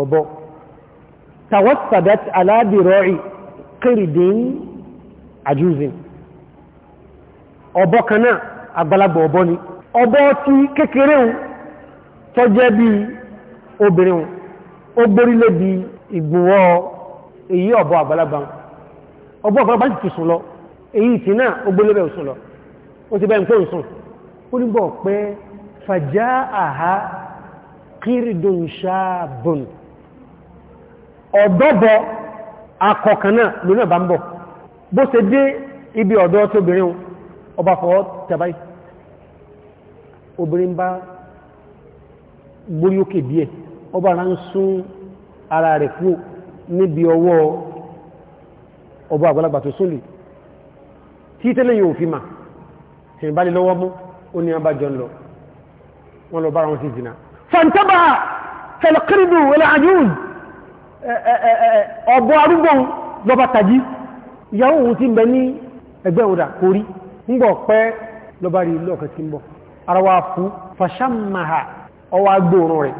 ọ̀bọ tawassadat ala dira'i qirdin ajuzin ọ̀bọ kan náà àgbàlagbà ọ̀bọ ni ọ̀bọ ti kékeré hun tó jẹ́ bí obìnrin hun ó gbórílé bí ìgbùnwọ́ èyí ọ̀bọ àgbàlagbà hun ọ̀bọ àgbàlagbà ti sùn lọ èyí ti ọ̀dọ́bọ̀ akọ̀kanáà lónà bá ń bọ̀ bó ṣe dé ibi ọ̀dọ́ tó obìnrin ọba fọ́ tẹ̀báyì obìnrin bá gbórí òkè ọba ara sún ara rẹ̀ fún níbi ọwọ́ ọba àgbàlagbà tó sólè tí tẹ́lẹ̀ yóò fi mú ọ̀bọ̀ arúgbó lọ́ba tàjí ìyàwó òun ti bẹ ní ẹgbẹ́ òdà kò rí ńgbọ̀ pẹ́ lọ́ba rí lọ́ọ̀kẹ́ ń bọ̀ ara wa fún fàṣàmàhà ọwá gbóòrùn rẹ̀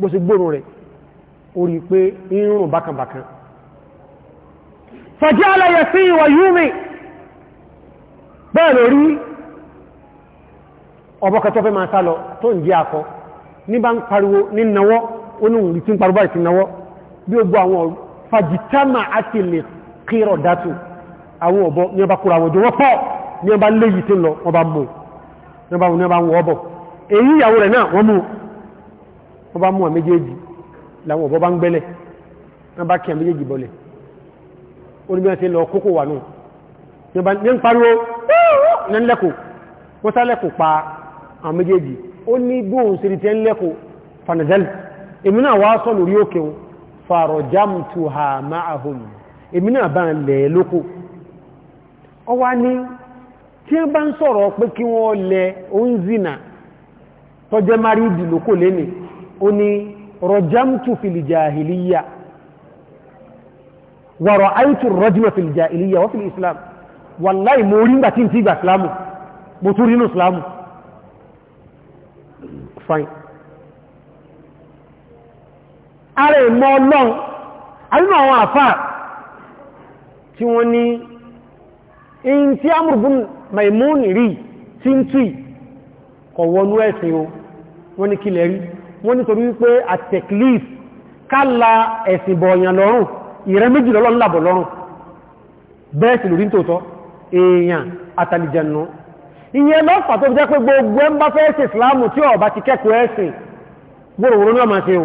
bó ṣe gbóòrùn rẹ̀ ó rí pé irun bákanbákan fàjẹ́ aláyẹ̀ sí pariwo bí ogbó àwọn fàjítàmà àti lè kírọ̀ dátù àwọn ọ̀bọ̀ ní ọba kúrò àwọn òjòwọ́ pọ̀ ní ọba léyìí tí lọ ọba mú ọba mú ọba wọ́bọ̀ èyí ìyàwó rẹ̀ náà wọ́n mú ọba mú àméjèèjì láwọn ọ̀bọ̀ bá ń gbẹ́lẹ̀ ọba kí àméjèèjì bọ́lẹ̀ pa àméjèèjì ó ní gbóhùn sí ti ń lẹ́kù farojamtuha ma'ahum èmi náà bá ń lẹ̀ lóko ọ wá ní tí wọ́n bá ń sọ̀rọ̀ pé kí wọ́n lẹ oúnzìnà tọ́jẹ́ márìdì lóko lẹ́ni ó ní rọjámtù fìlìjàhìlìyà wọ̀rọ̀ wọ́n fìlì islam wàláì mo rí ngbà tí ń tí ìgbà islamu mo tún rínú islamu fine ara ìmọ̀ ọlọ́run àdínú àwọn àfà tí wọ́n ní in tí amúrùbùn maimun rí tí ń tùí kọ̀ wọnú ẹ̀sìn o wọ́n ní kílẹ̀ rí wọ́n ní torí wípé àtẹ̀klif kálà ẹ̀sìn bọ̀ọ̀yàn lọ́rùn èèyàn àtàlìjẹ̀nù ìyẹn lọ́fà tó jẹ́ pé gbogbo ẹ ń ìsìláàmù tí ó ti kẹ́kọ̀ọ́ ẹ̀sìn gbòròwòrò náà máa ṣe o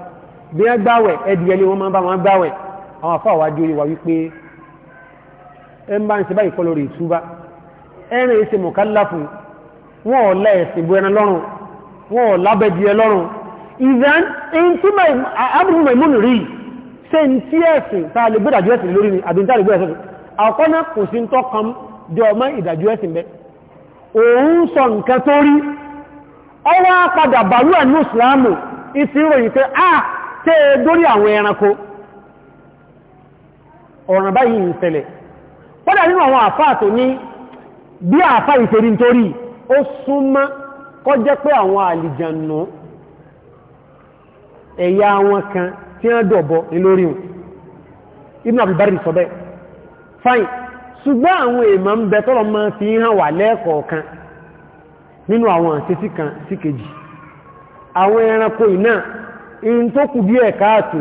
bí wọ́n gbáwẹ̀ ẹdìyẹ ni wọ́n máa bá wọn gbáwẹ̀ àwọn afọ́ àwájú ìwà wípé ẹ ń bá ń ṣe báyìí kọ́ lórí ìtúbá ẹ̀rìn ìṣe mọ̀kálàfù wọ́n ọ̀lá ẹ̀sìn bu ẹran lọ́rùn wọ́n ọ̀lá bẹ̀dìyẹ lọ́rùn ìdán èyí tí abúrú mẹ́múnù rí ṣe ń tí ẹ̀sìn ta lè gbẹ́dàjú ẹ̀sìn lórí ni àbí ta lè ìsìn ròyìn pé ah tẹ́ ẹ dórí àwọn ẹranko ọ̀ràn báyìí ń pọ́dà nínú àwọn àfáà tó ní bí àfáà ìfèrí nítorí ó súnmọ́ kọ́ jẹ́ pé àwọn àlìjànà ẹ̀yà àwọn kan tí a dọ̀bọ̀ nílórí wọn àwọn ẹranko ìnáà in tó kù díẹ̀ káàtù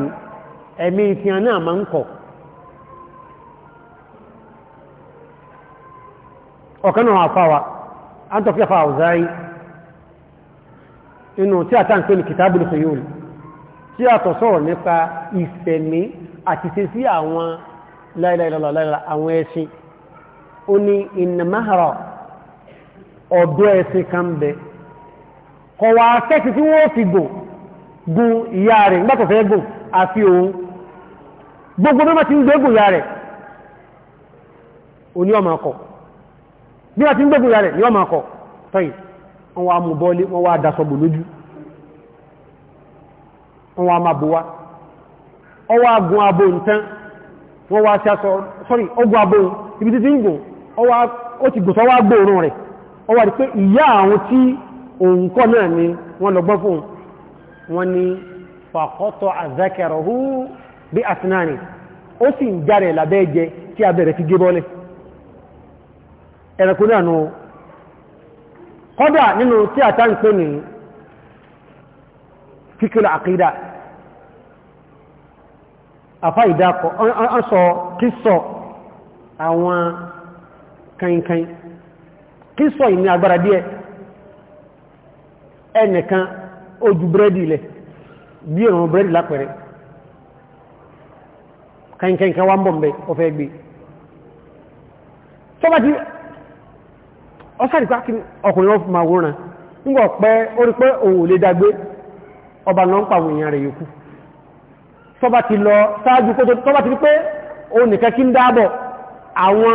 ẹ̀mí ìfihàn náà máa ń kọ̀ ọ̀kan náà àfáwa antọ́fí àfáà ọ̀záyí inú tí a tàn pé ní kìtàbùlù fún yóò tí a tọ̀ sọ̀rọ̀ nípa ìfẹ̀mí àti ṣe sí àwọn láìláìlọ́lọ́lá àwọn ẹṣin ó ní ìnàmáhàrà kan bẹ kọ̀wà sẹ́kì tí wọ́n fi gùn gun ìyá rẹ̀ nígbà tó gùn àfi òun gbogbo bí ti ń gbégùn ìyá rẹ̀ o ní ọmọ akọ̀ bí wọ́n ti ń gbégùn ìyá rẹ̀ ní ọmọ akọ̀ tọ́yì wọ́n wá mú wọ́n wá lójú wọ́n wá máa bò wá wọ́n wá sọ ibi ti wọ́n ní fàkọ́tọ̀ àzákẹ̀rọ̀hú bí àtináni ó sì ń járe lábẹ́ jẹ tí a bẹ̀rẹ̀ fi gé bọ́lẹ̀ ẹ̀rẹ̀kú náà nù kọ́dà nínú tí a tá ń pè ní kíkìlọ àkídà afá ìdákọ̀ ọ́sọ̀ kíso àwọn kankan kíso ìní agbára díẹ̀ ẹnìkan ojú búrẹ́dì ilẹ̀ bí ìrùn búrẹ́dì lápẹ̀rẹ̀ kẹ́kẹ́kẹ́ wá ń bọ̀ mẹ́ ọfẹ́ gbé tọ́bá ti ọ́sàrí pé ọkùnrin wọn máa wòrán nígbà pẹ́ orí pé òun ò lè dágbé ọba náà ń pa àwọn èèyàn rẹ̀ yòókù tọ́bá ti lọ sáájú kó tọ́bá ti rí pé òun nìkan kí ń dáàbọ̀ àwọn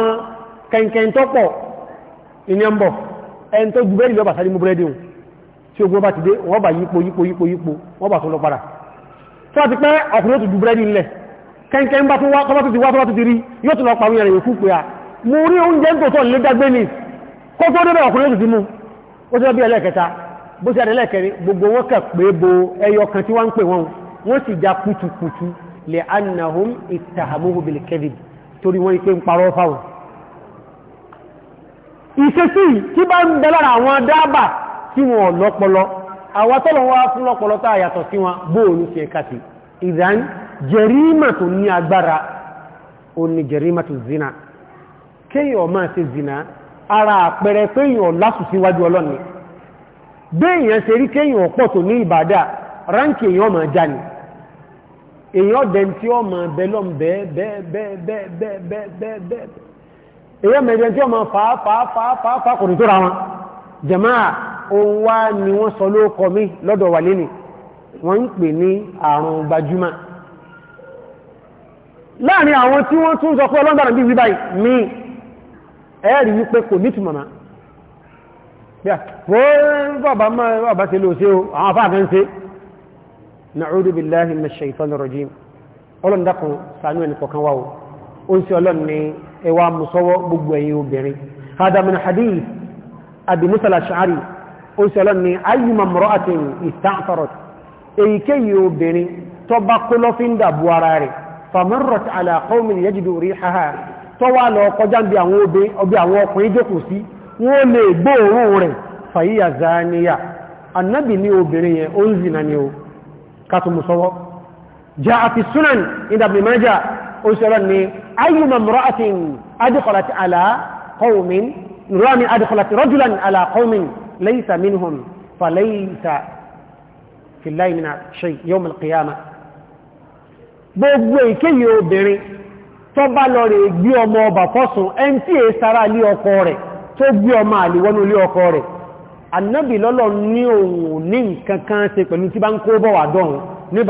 kẹ́kẹ́ tọ́pọ̀ ìní ń bọ̀ ẹni tó ju bẹ́ẹ̀lì lọ́bà mú búrẹ́dì òun tí ogun bá ti dé wọ́n bá yípo yípo yípo yípo wọ́n bá tó lọ padà tó àti pé ọkùnrin tó dù búrẹ́dì ńlẹ̀ kẹ́ńkẹ́ ń bá tó wá tó ti wá tó ti rí yóò tó lọ pàwọn ẹ̀rẹ̀ yòókù pé a mo rí oúnjẹ ń tòótọ́ lé dágbé ní kó tó débẹ̀ ọkùnrin tó ti mú ó ti lọ bí ẹlẹ́ẹ̀kẹta bó ti ẹlẹ́ẹ̀kẹrin gbogbo wọn kẹ̀ pé bo ẹyọ kan tí wọ́n ń pè wọn wọ́n sì ja kutukutu lè anahum ìtàhàmóhù bìlì kẹ́dì torí wọ́n ipé ń parọ́ fáwọn ìṣesí tí bá ń bẹ lára àwọn dábàá tí wọn lọ́pọlọ àwọn tọ́lọ̀ wá fún lọ́pọlọ tá àyàtọ̀ sí wọn bóòlù sí ẹ̀ka sí ìdán jẹ̀rímà tó ní zina kéèyàn máa zina ara àpẹẹrẹ péèyàn lásùsíwájú ọlọ́ni béèyàn ṣe rí kéèyàn pọ̀ tó ní ìbàdà ránkì èèyàn máa já ni èèyàn dẹni tí ó máa bẹ lọ́m bẹ́ẹ̀ bẹ́ẹ̀ bẹ́ẹ̀ bẹ́ẹ̀ bẹ́ẹ̀ bẹ́ẹ̀ bẹ́ẹ̀ èèyàn mẹ́rin tí ó máa fàá fàá tó ra wọn jẹ̀máà òun wá ni wọ́n sọ lóókọ mi lọ́dọ̀ wà lénìí wọ́n ń pè ní àrùn gbajúmọ̀ láàrin àwọn tí wọ́n tún sọ pé ọlọ́gbàrà bí wíbá mi ẹ̀rì wípé kò ní tùmọ̀má bọ́ọ̀bá sàánú ẹni kọ̀kan wá o ó ń sí ọlọ́n ẹwà musọ́wọ́ gbogbo ẹ̀yìn obìnrin hadamin hadith abi musa òṣèlọ́n ni ayyuma mọ́rọ́tìn ìtàǹfàrọ̀t èyíkéyìí obìnrin tó bá kó lọ́fíńdà bu ara rẹ̀ fàmọ́rọ̀t alákọ́mìn yẹ́jìdò rí haha tó wà lọ kọjá bí àwọn obì àwọn ọkùnrin jókòó sí wọ́n lè gbóòrùn rẹ̀ fàyíyà zaniya annabi ni obìnrin yẹn ó ń zina ni o ليس منهم فليس في الله من شيء يوم القيامة gbogbo ìkéyìí obìnrin tó bá lọ rẹ̀ gbí ọmọ ọba fọ́sùn ẹn è sára lé ọkọ rẹ̀ tó gbí ọmọ àlìwọ́nú lé ọkọ rẹ̀ annabi lọ́lọ́ ní òun ní kankan kan pẹ̀lú tí bá ń kó bọ̀ wà dọ́run ní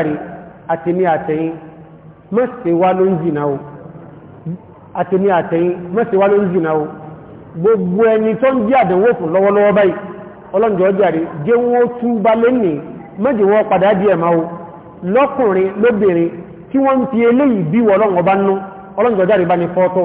bàdá àtẹ̀mí àtẹ̀yìn mọ́sẹ̀wá ló ń jìnà o àtẹ̀mí àtẹ̀yìn mọ́sẹ̀wá ló ń jìnà o gbogbo ẹni tó ń jí àdánwò fún lọ́wọ́lọ́wọ́ báyìí ọlọ́njọ́ jàre jẹ́ wọ́n tún bá lẹ́nì méjì wọ́n padà di ẹ̀má o lọ́kùnrin lóbìnrin tí wọ́n ń fi eléyìí bí wọ́n lọ́wọ́ bá nú ọlọ́njọ́ jàre bá ní fọ́tọ́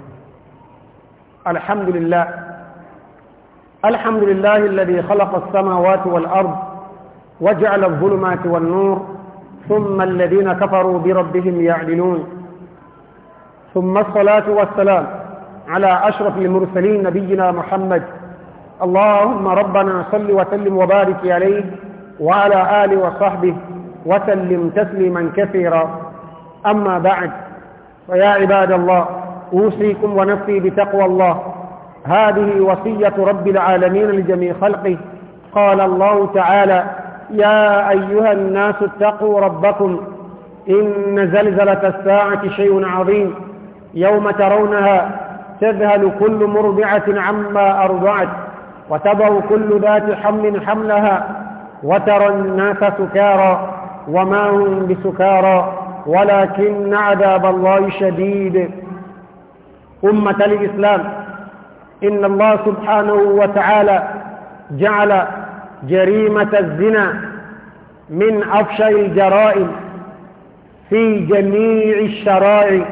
الحمد لله الحمد لله الذي خلق السماوات والأرض وجعل الظلمات والنور ثم الذين كفروا بربهم يعدلون ثم الصلاة والسلام على أشرف المرسلين نبينا محمد اللهم ربنا صل وسلم وبارك عليه وعلى آله وصحبه وسلم تسليما كثيرا أما بعد فيا عباد الله أوصيكم ونفسي بتقوى الله هذه وصية رب العالمين لجميع خلقه قال الله تعالى يا أيها الناس اتقوا ربكم إن زلزلة الساعة شيء عظيم يوم ترونها تذهل كل مربعة عما أرضعت وتضع كل ذات حمل حملها وترى الناس سكارى وما هم بسكارى ولكن عذاب الله شديد أمة الإسلام إن الله سبحانه وتعالى جعل جريمة الزنا من أفشى الجرائم في جميع الشرائع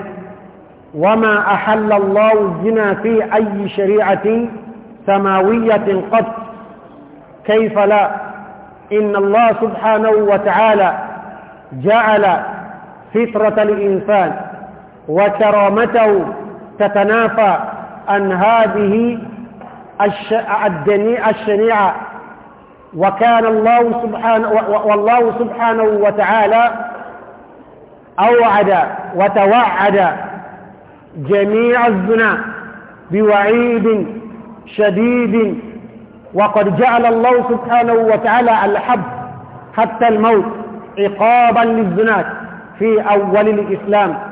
وما أحل الله الزنا في أي شريعة سماوية قط كيف لا إن الله سبحانه وتعالى جعل فطرة الإنسان وكرامته تتنافى عن هذه الشنيعة وكان الله سبحانه والله سبحانه وتعالى أوعد وتوعد جميع الزنا بوعيد شديد وقد جعل الله سبحانه وتعالى الحب حتى الموت عقابا للزنات في أول الإسلام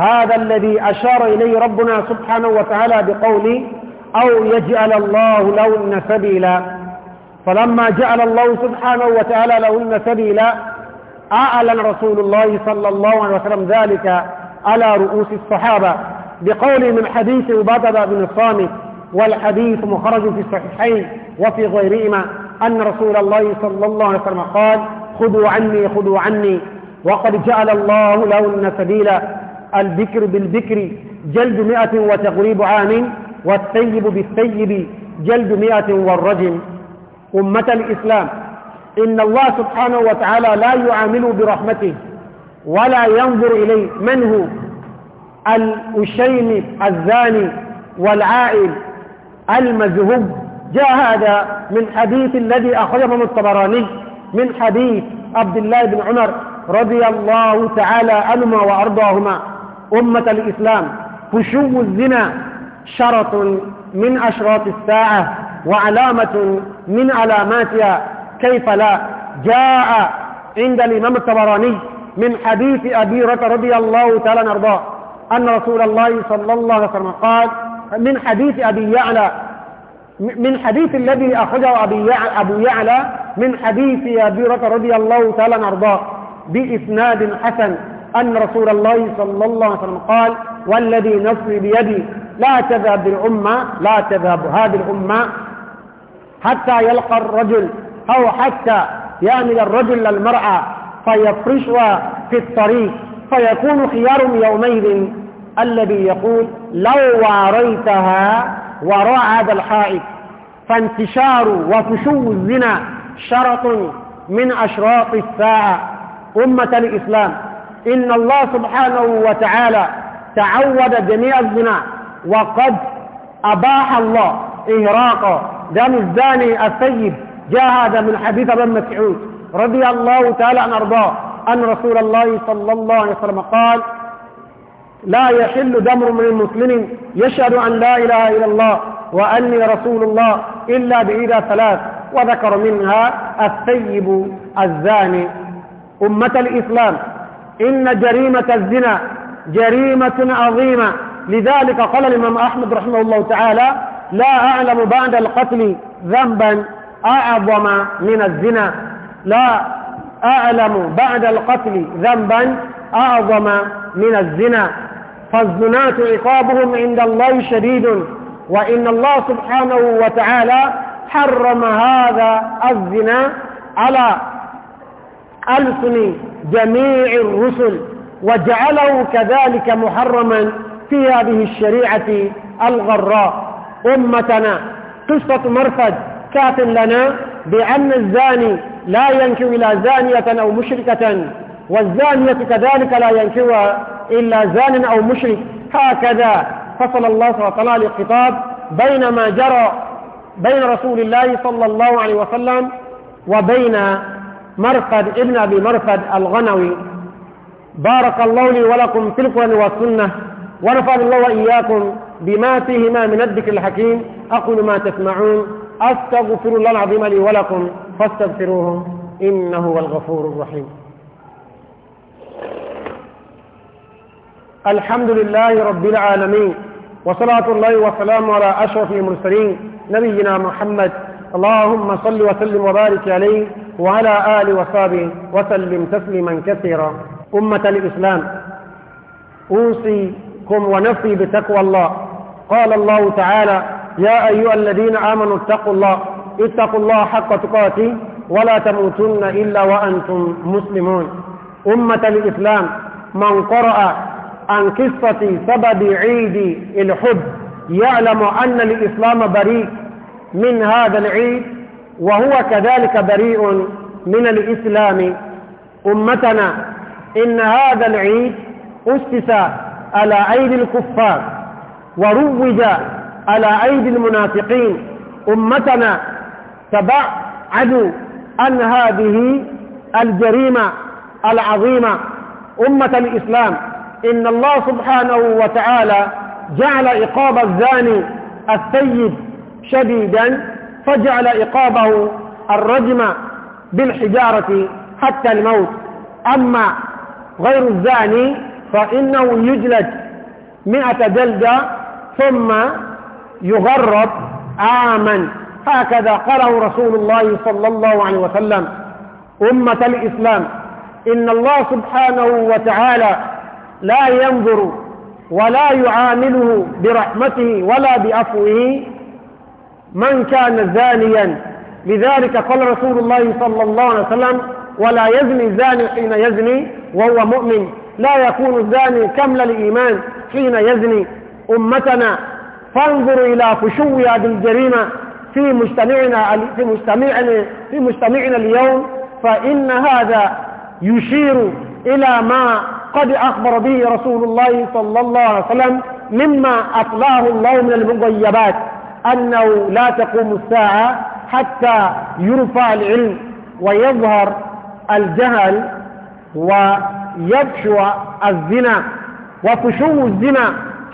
هذا الذي أشار إليه ربنا سبحانه وتعالى بقوله أو يجعل الله لهن سبيلا فلما جعل الله سبحانه وتعالى لهن سبيلا أعلن رسول الله صلى الله عليه وسلم ذلك على رؤوس الصحابة بقول من حديث عبادة بن الصامت والحديث مخرج في الصحيحين وفي غيرهما أن رسول الله صلى الله عليه وسلم قال خذوا عني خذوا عني وقد جعل الله لهن سبيلا البكر بالبكر جلد مئة وتغريب عام والثيب بالثيب جلد مئة والرجم أمة الإسلام إن الله سبحانه وتعالى لا يعامل برحمته ولا ينظر إليه من هو الأشيم الزاني والعائل المذهب جاء هذا من حديث الذي أخرجه الطبراني من حديث عبد الله بن عمر رضي الله تعالى عنهما وأرضاهما أمة الإسلام فشو الزنا شرط من أشراط الساعة وعلامة من علاماتها كيف لا جاء عند الإمام الطبراني من حديث أبي هريرة رضي الله تعالى نرضاه أن رسول الله صلى الله عليه وسلم قال من حديث أبي يعلى من حديث الذي أخرجه أبي يعلى أبو يعلى من حديث أبي هريرة رضي الله تعالى أرضاه بإسناد حسن أن رسول الله صلى الله عليه وسلم قال والذي نفسي بيدي لا تذهب الأمة لا تذهب هذه الأمة حتى يلقى الرجل أو حتى يعمل الرجل للمرأة فيفرشها في الطريق فيكون خيارهم يومئذ الذي يقول لو واريتها وراء هذا الحائط فانتشار وفشو الزنا شرط من أشراط الساعة أمة الإسلام إن الله سبحانه وتعالى تعود جميع الزنا وقد أباح الله إهراق دم الزاني السيد جاهد من حديث بن مسعود رضي الله تعالى عن أرضاه أن رسول الله صلى الله عليه وسلم قال لا يحل دمر من المسلم يشهد أن لا إله إلا الله وأني رسول الله إلا بإذا ثلاث وذكر منها السيب الزاني أمة الإسلام إن جريمة الزنا جريمة عظيمة لذلك قال الإمام أحمد رحمه الله تعالى لا أعلم بعد القتل ذنبا أعظم من الزنا لا أعلم بعد القتل ذنبا أعظم من الزنا فالزناة عقابهم عند الله شديد وإن الله سبحانه وتعالى حرم هذا الزنا على ألسن جميع الرسل وجعله كذلك محرما في هذه الشريعة الغراء أمتنا قصة مرفد كاف لنا بأن الزاني لا ينكو إلى زانية أو مشركة والزانية كذلك لا ينكو إلا زان أو مشرك هكذا فصل الله صلى الله عليه الخطاب بين ما جرى بين رسول الله صلى الله عليه وسلم وبين مرفد ابن أبي مرفد الغنوي بارك الله لي ولكم في القرآن والسنة ورفع الله وإياكم بما فيهما من الذكر الحكيم أقول ما تسمعون أستغفر الله العظيم لي ولكم فاستغفروه إنه هو الغفور الرحيم الحمد لله رب العالمين وصلاة الله وسلامه على أشرف المرسلين نبينا محمد اللهم صل وسلم وبارك عليه وعلى آله وصحبه وسلم تسليما كثيرا أمة الإسلام أوصيكم ونفسي بتقوى الله قال الله تعالى يا أيها الذين آمنوا اتقوا الله اتقوا الله حق تقاته ولا تموتن إلا وأنتم مسلمون أمة الإسلام من قرأ عن قصة سبب عيد الحب يعلم أن الإسلام بريء من هذا العيد وهو كذلك بريء من الإسلام أمتنا إن هذا العيد أسس على أيدي الكفار وروج على أيدي المنافقين أمتنا تبعدوا عن هذه الجريمة العظيمة أمة الإسلام إن الله سبحانه وتعالى جعل إقاب الزاني السيد شديدا فجعل إقابه الرجم بالحجارة حتى الموت أما غير الزاني فإنه يجلد مئة جلدة ثم يغرب عاما هكذا قاله رسول الله صلى الله عليه وسلم أمة الإسلام إن الله سبحانه وتعالى لا ينظر ولا يعامله برحمته ولا بأفوه من كان زانيا لذلك قال رسول الله صلى الله عليه وسلم ولا يزني زاني حين يزني وهو مؤمن لا يكون الزاني كمل الإيمان حين يزني أمتنا فانظروا إلى فشو هذه الجريمة في مجتمعنا في مجتمعنا في مجتمعنا اليوم فإن هذا يشير إلى ما قد أخبر به رسول الله صلى الله عليه وسلم مما أطلعه الله من المغيبات أنه لا تقوم الساعة حتى يرفع العلم ويظهر الجهل ويبشو الزنا وفشو الزنا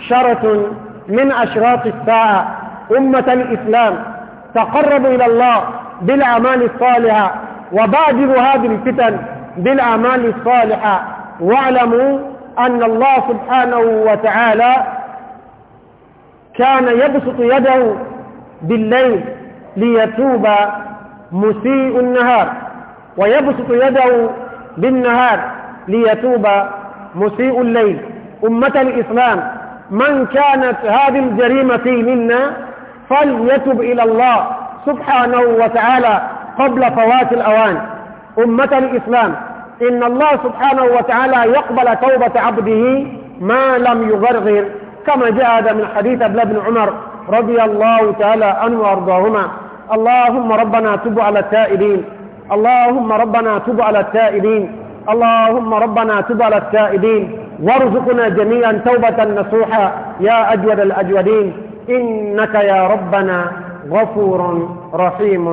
شرة من أشراط الساعة أمة الإسلام تقربوا إلى الله بالأعمال الصالحة وبادروا هذه الفتن بالأعمال الصالحة واعلموا أن الله سبحانه وتعالى كان يبسط يده بالليل ليتوب مسيء النهار ويبسط يده بالنهار ليتوب مسيء الليل أمة الإسلام من كانت هذه الجريمة منا فليتب إلى الله سبحانه وتعالى قبل فوات الأوان أمة الإسلام إن الله سبحانه وتعالى يقبل توبة عبده ما لم يغرغر كما جاء هذا من حديث أبلا بن عمر رضي الله تعالى عنه وأرضاهما اللهم ربنا تب على التائبين اللهم ربنا تب على التائبين اللهم ربنا تب على التائبين وارزقنا جميعا توبة نصوحا يا أجود الأجودين إنك يا ربنا غفور رحيم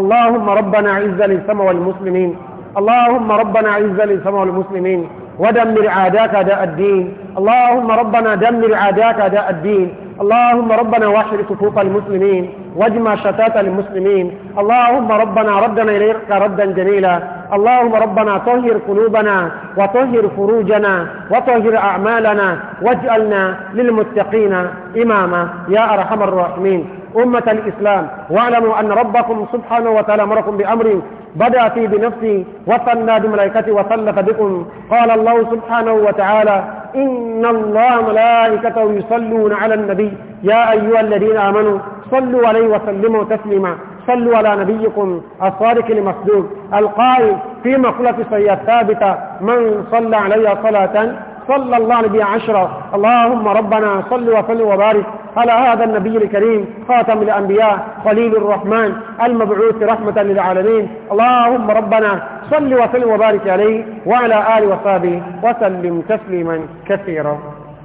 اللهم ربنا عز للسماء والمسلمين اللهم ربنا عز للسماء والمسلمين ودمر عاداك داء الدين اللهم ربنا دمر عاداك داء الدين اللهم ربنا وحر صفوف المسلمين واجمع شتات المسلمين اللهم ربنا ردنا إليك ردا جميلا اللهم ربنا طهر قلوبنا وطهر فروجنا وطهر أعمالنا واجعلنا للمتقين إماما يا أرحم الراحمين أمة الإسلام واعلموا أن ربكم سبحانه وتعالى أمركم بأمر بدأ في بنفسه وصلنا بملائكته وصلت بكم قال الله سبحانه وتعالى إن الله ملائكته يصلون على النبي يا أيها الذين آمنوا صلوا عليه وسلموا تسليما صلوا على نبيكم الصادق المصدوق القائل في مقولة سيئة ثابتة من صلى علي صلاة صلى الله عليه عشرة اللهم ربنا صل وصل وبارك على هذا النبي الكريم خاتم الأنبياء خليل الرحمن المبعوث رحمة للعالمين اللهم ربنا صل وسلم وبارك عليه وعلى آله وصحبه وسلم تسليما كثيرا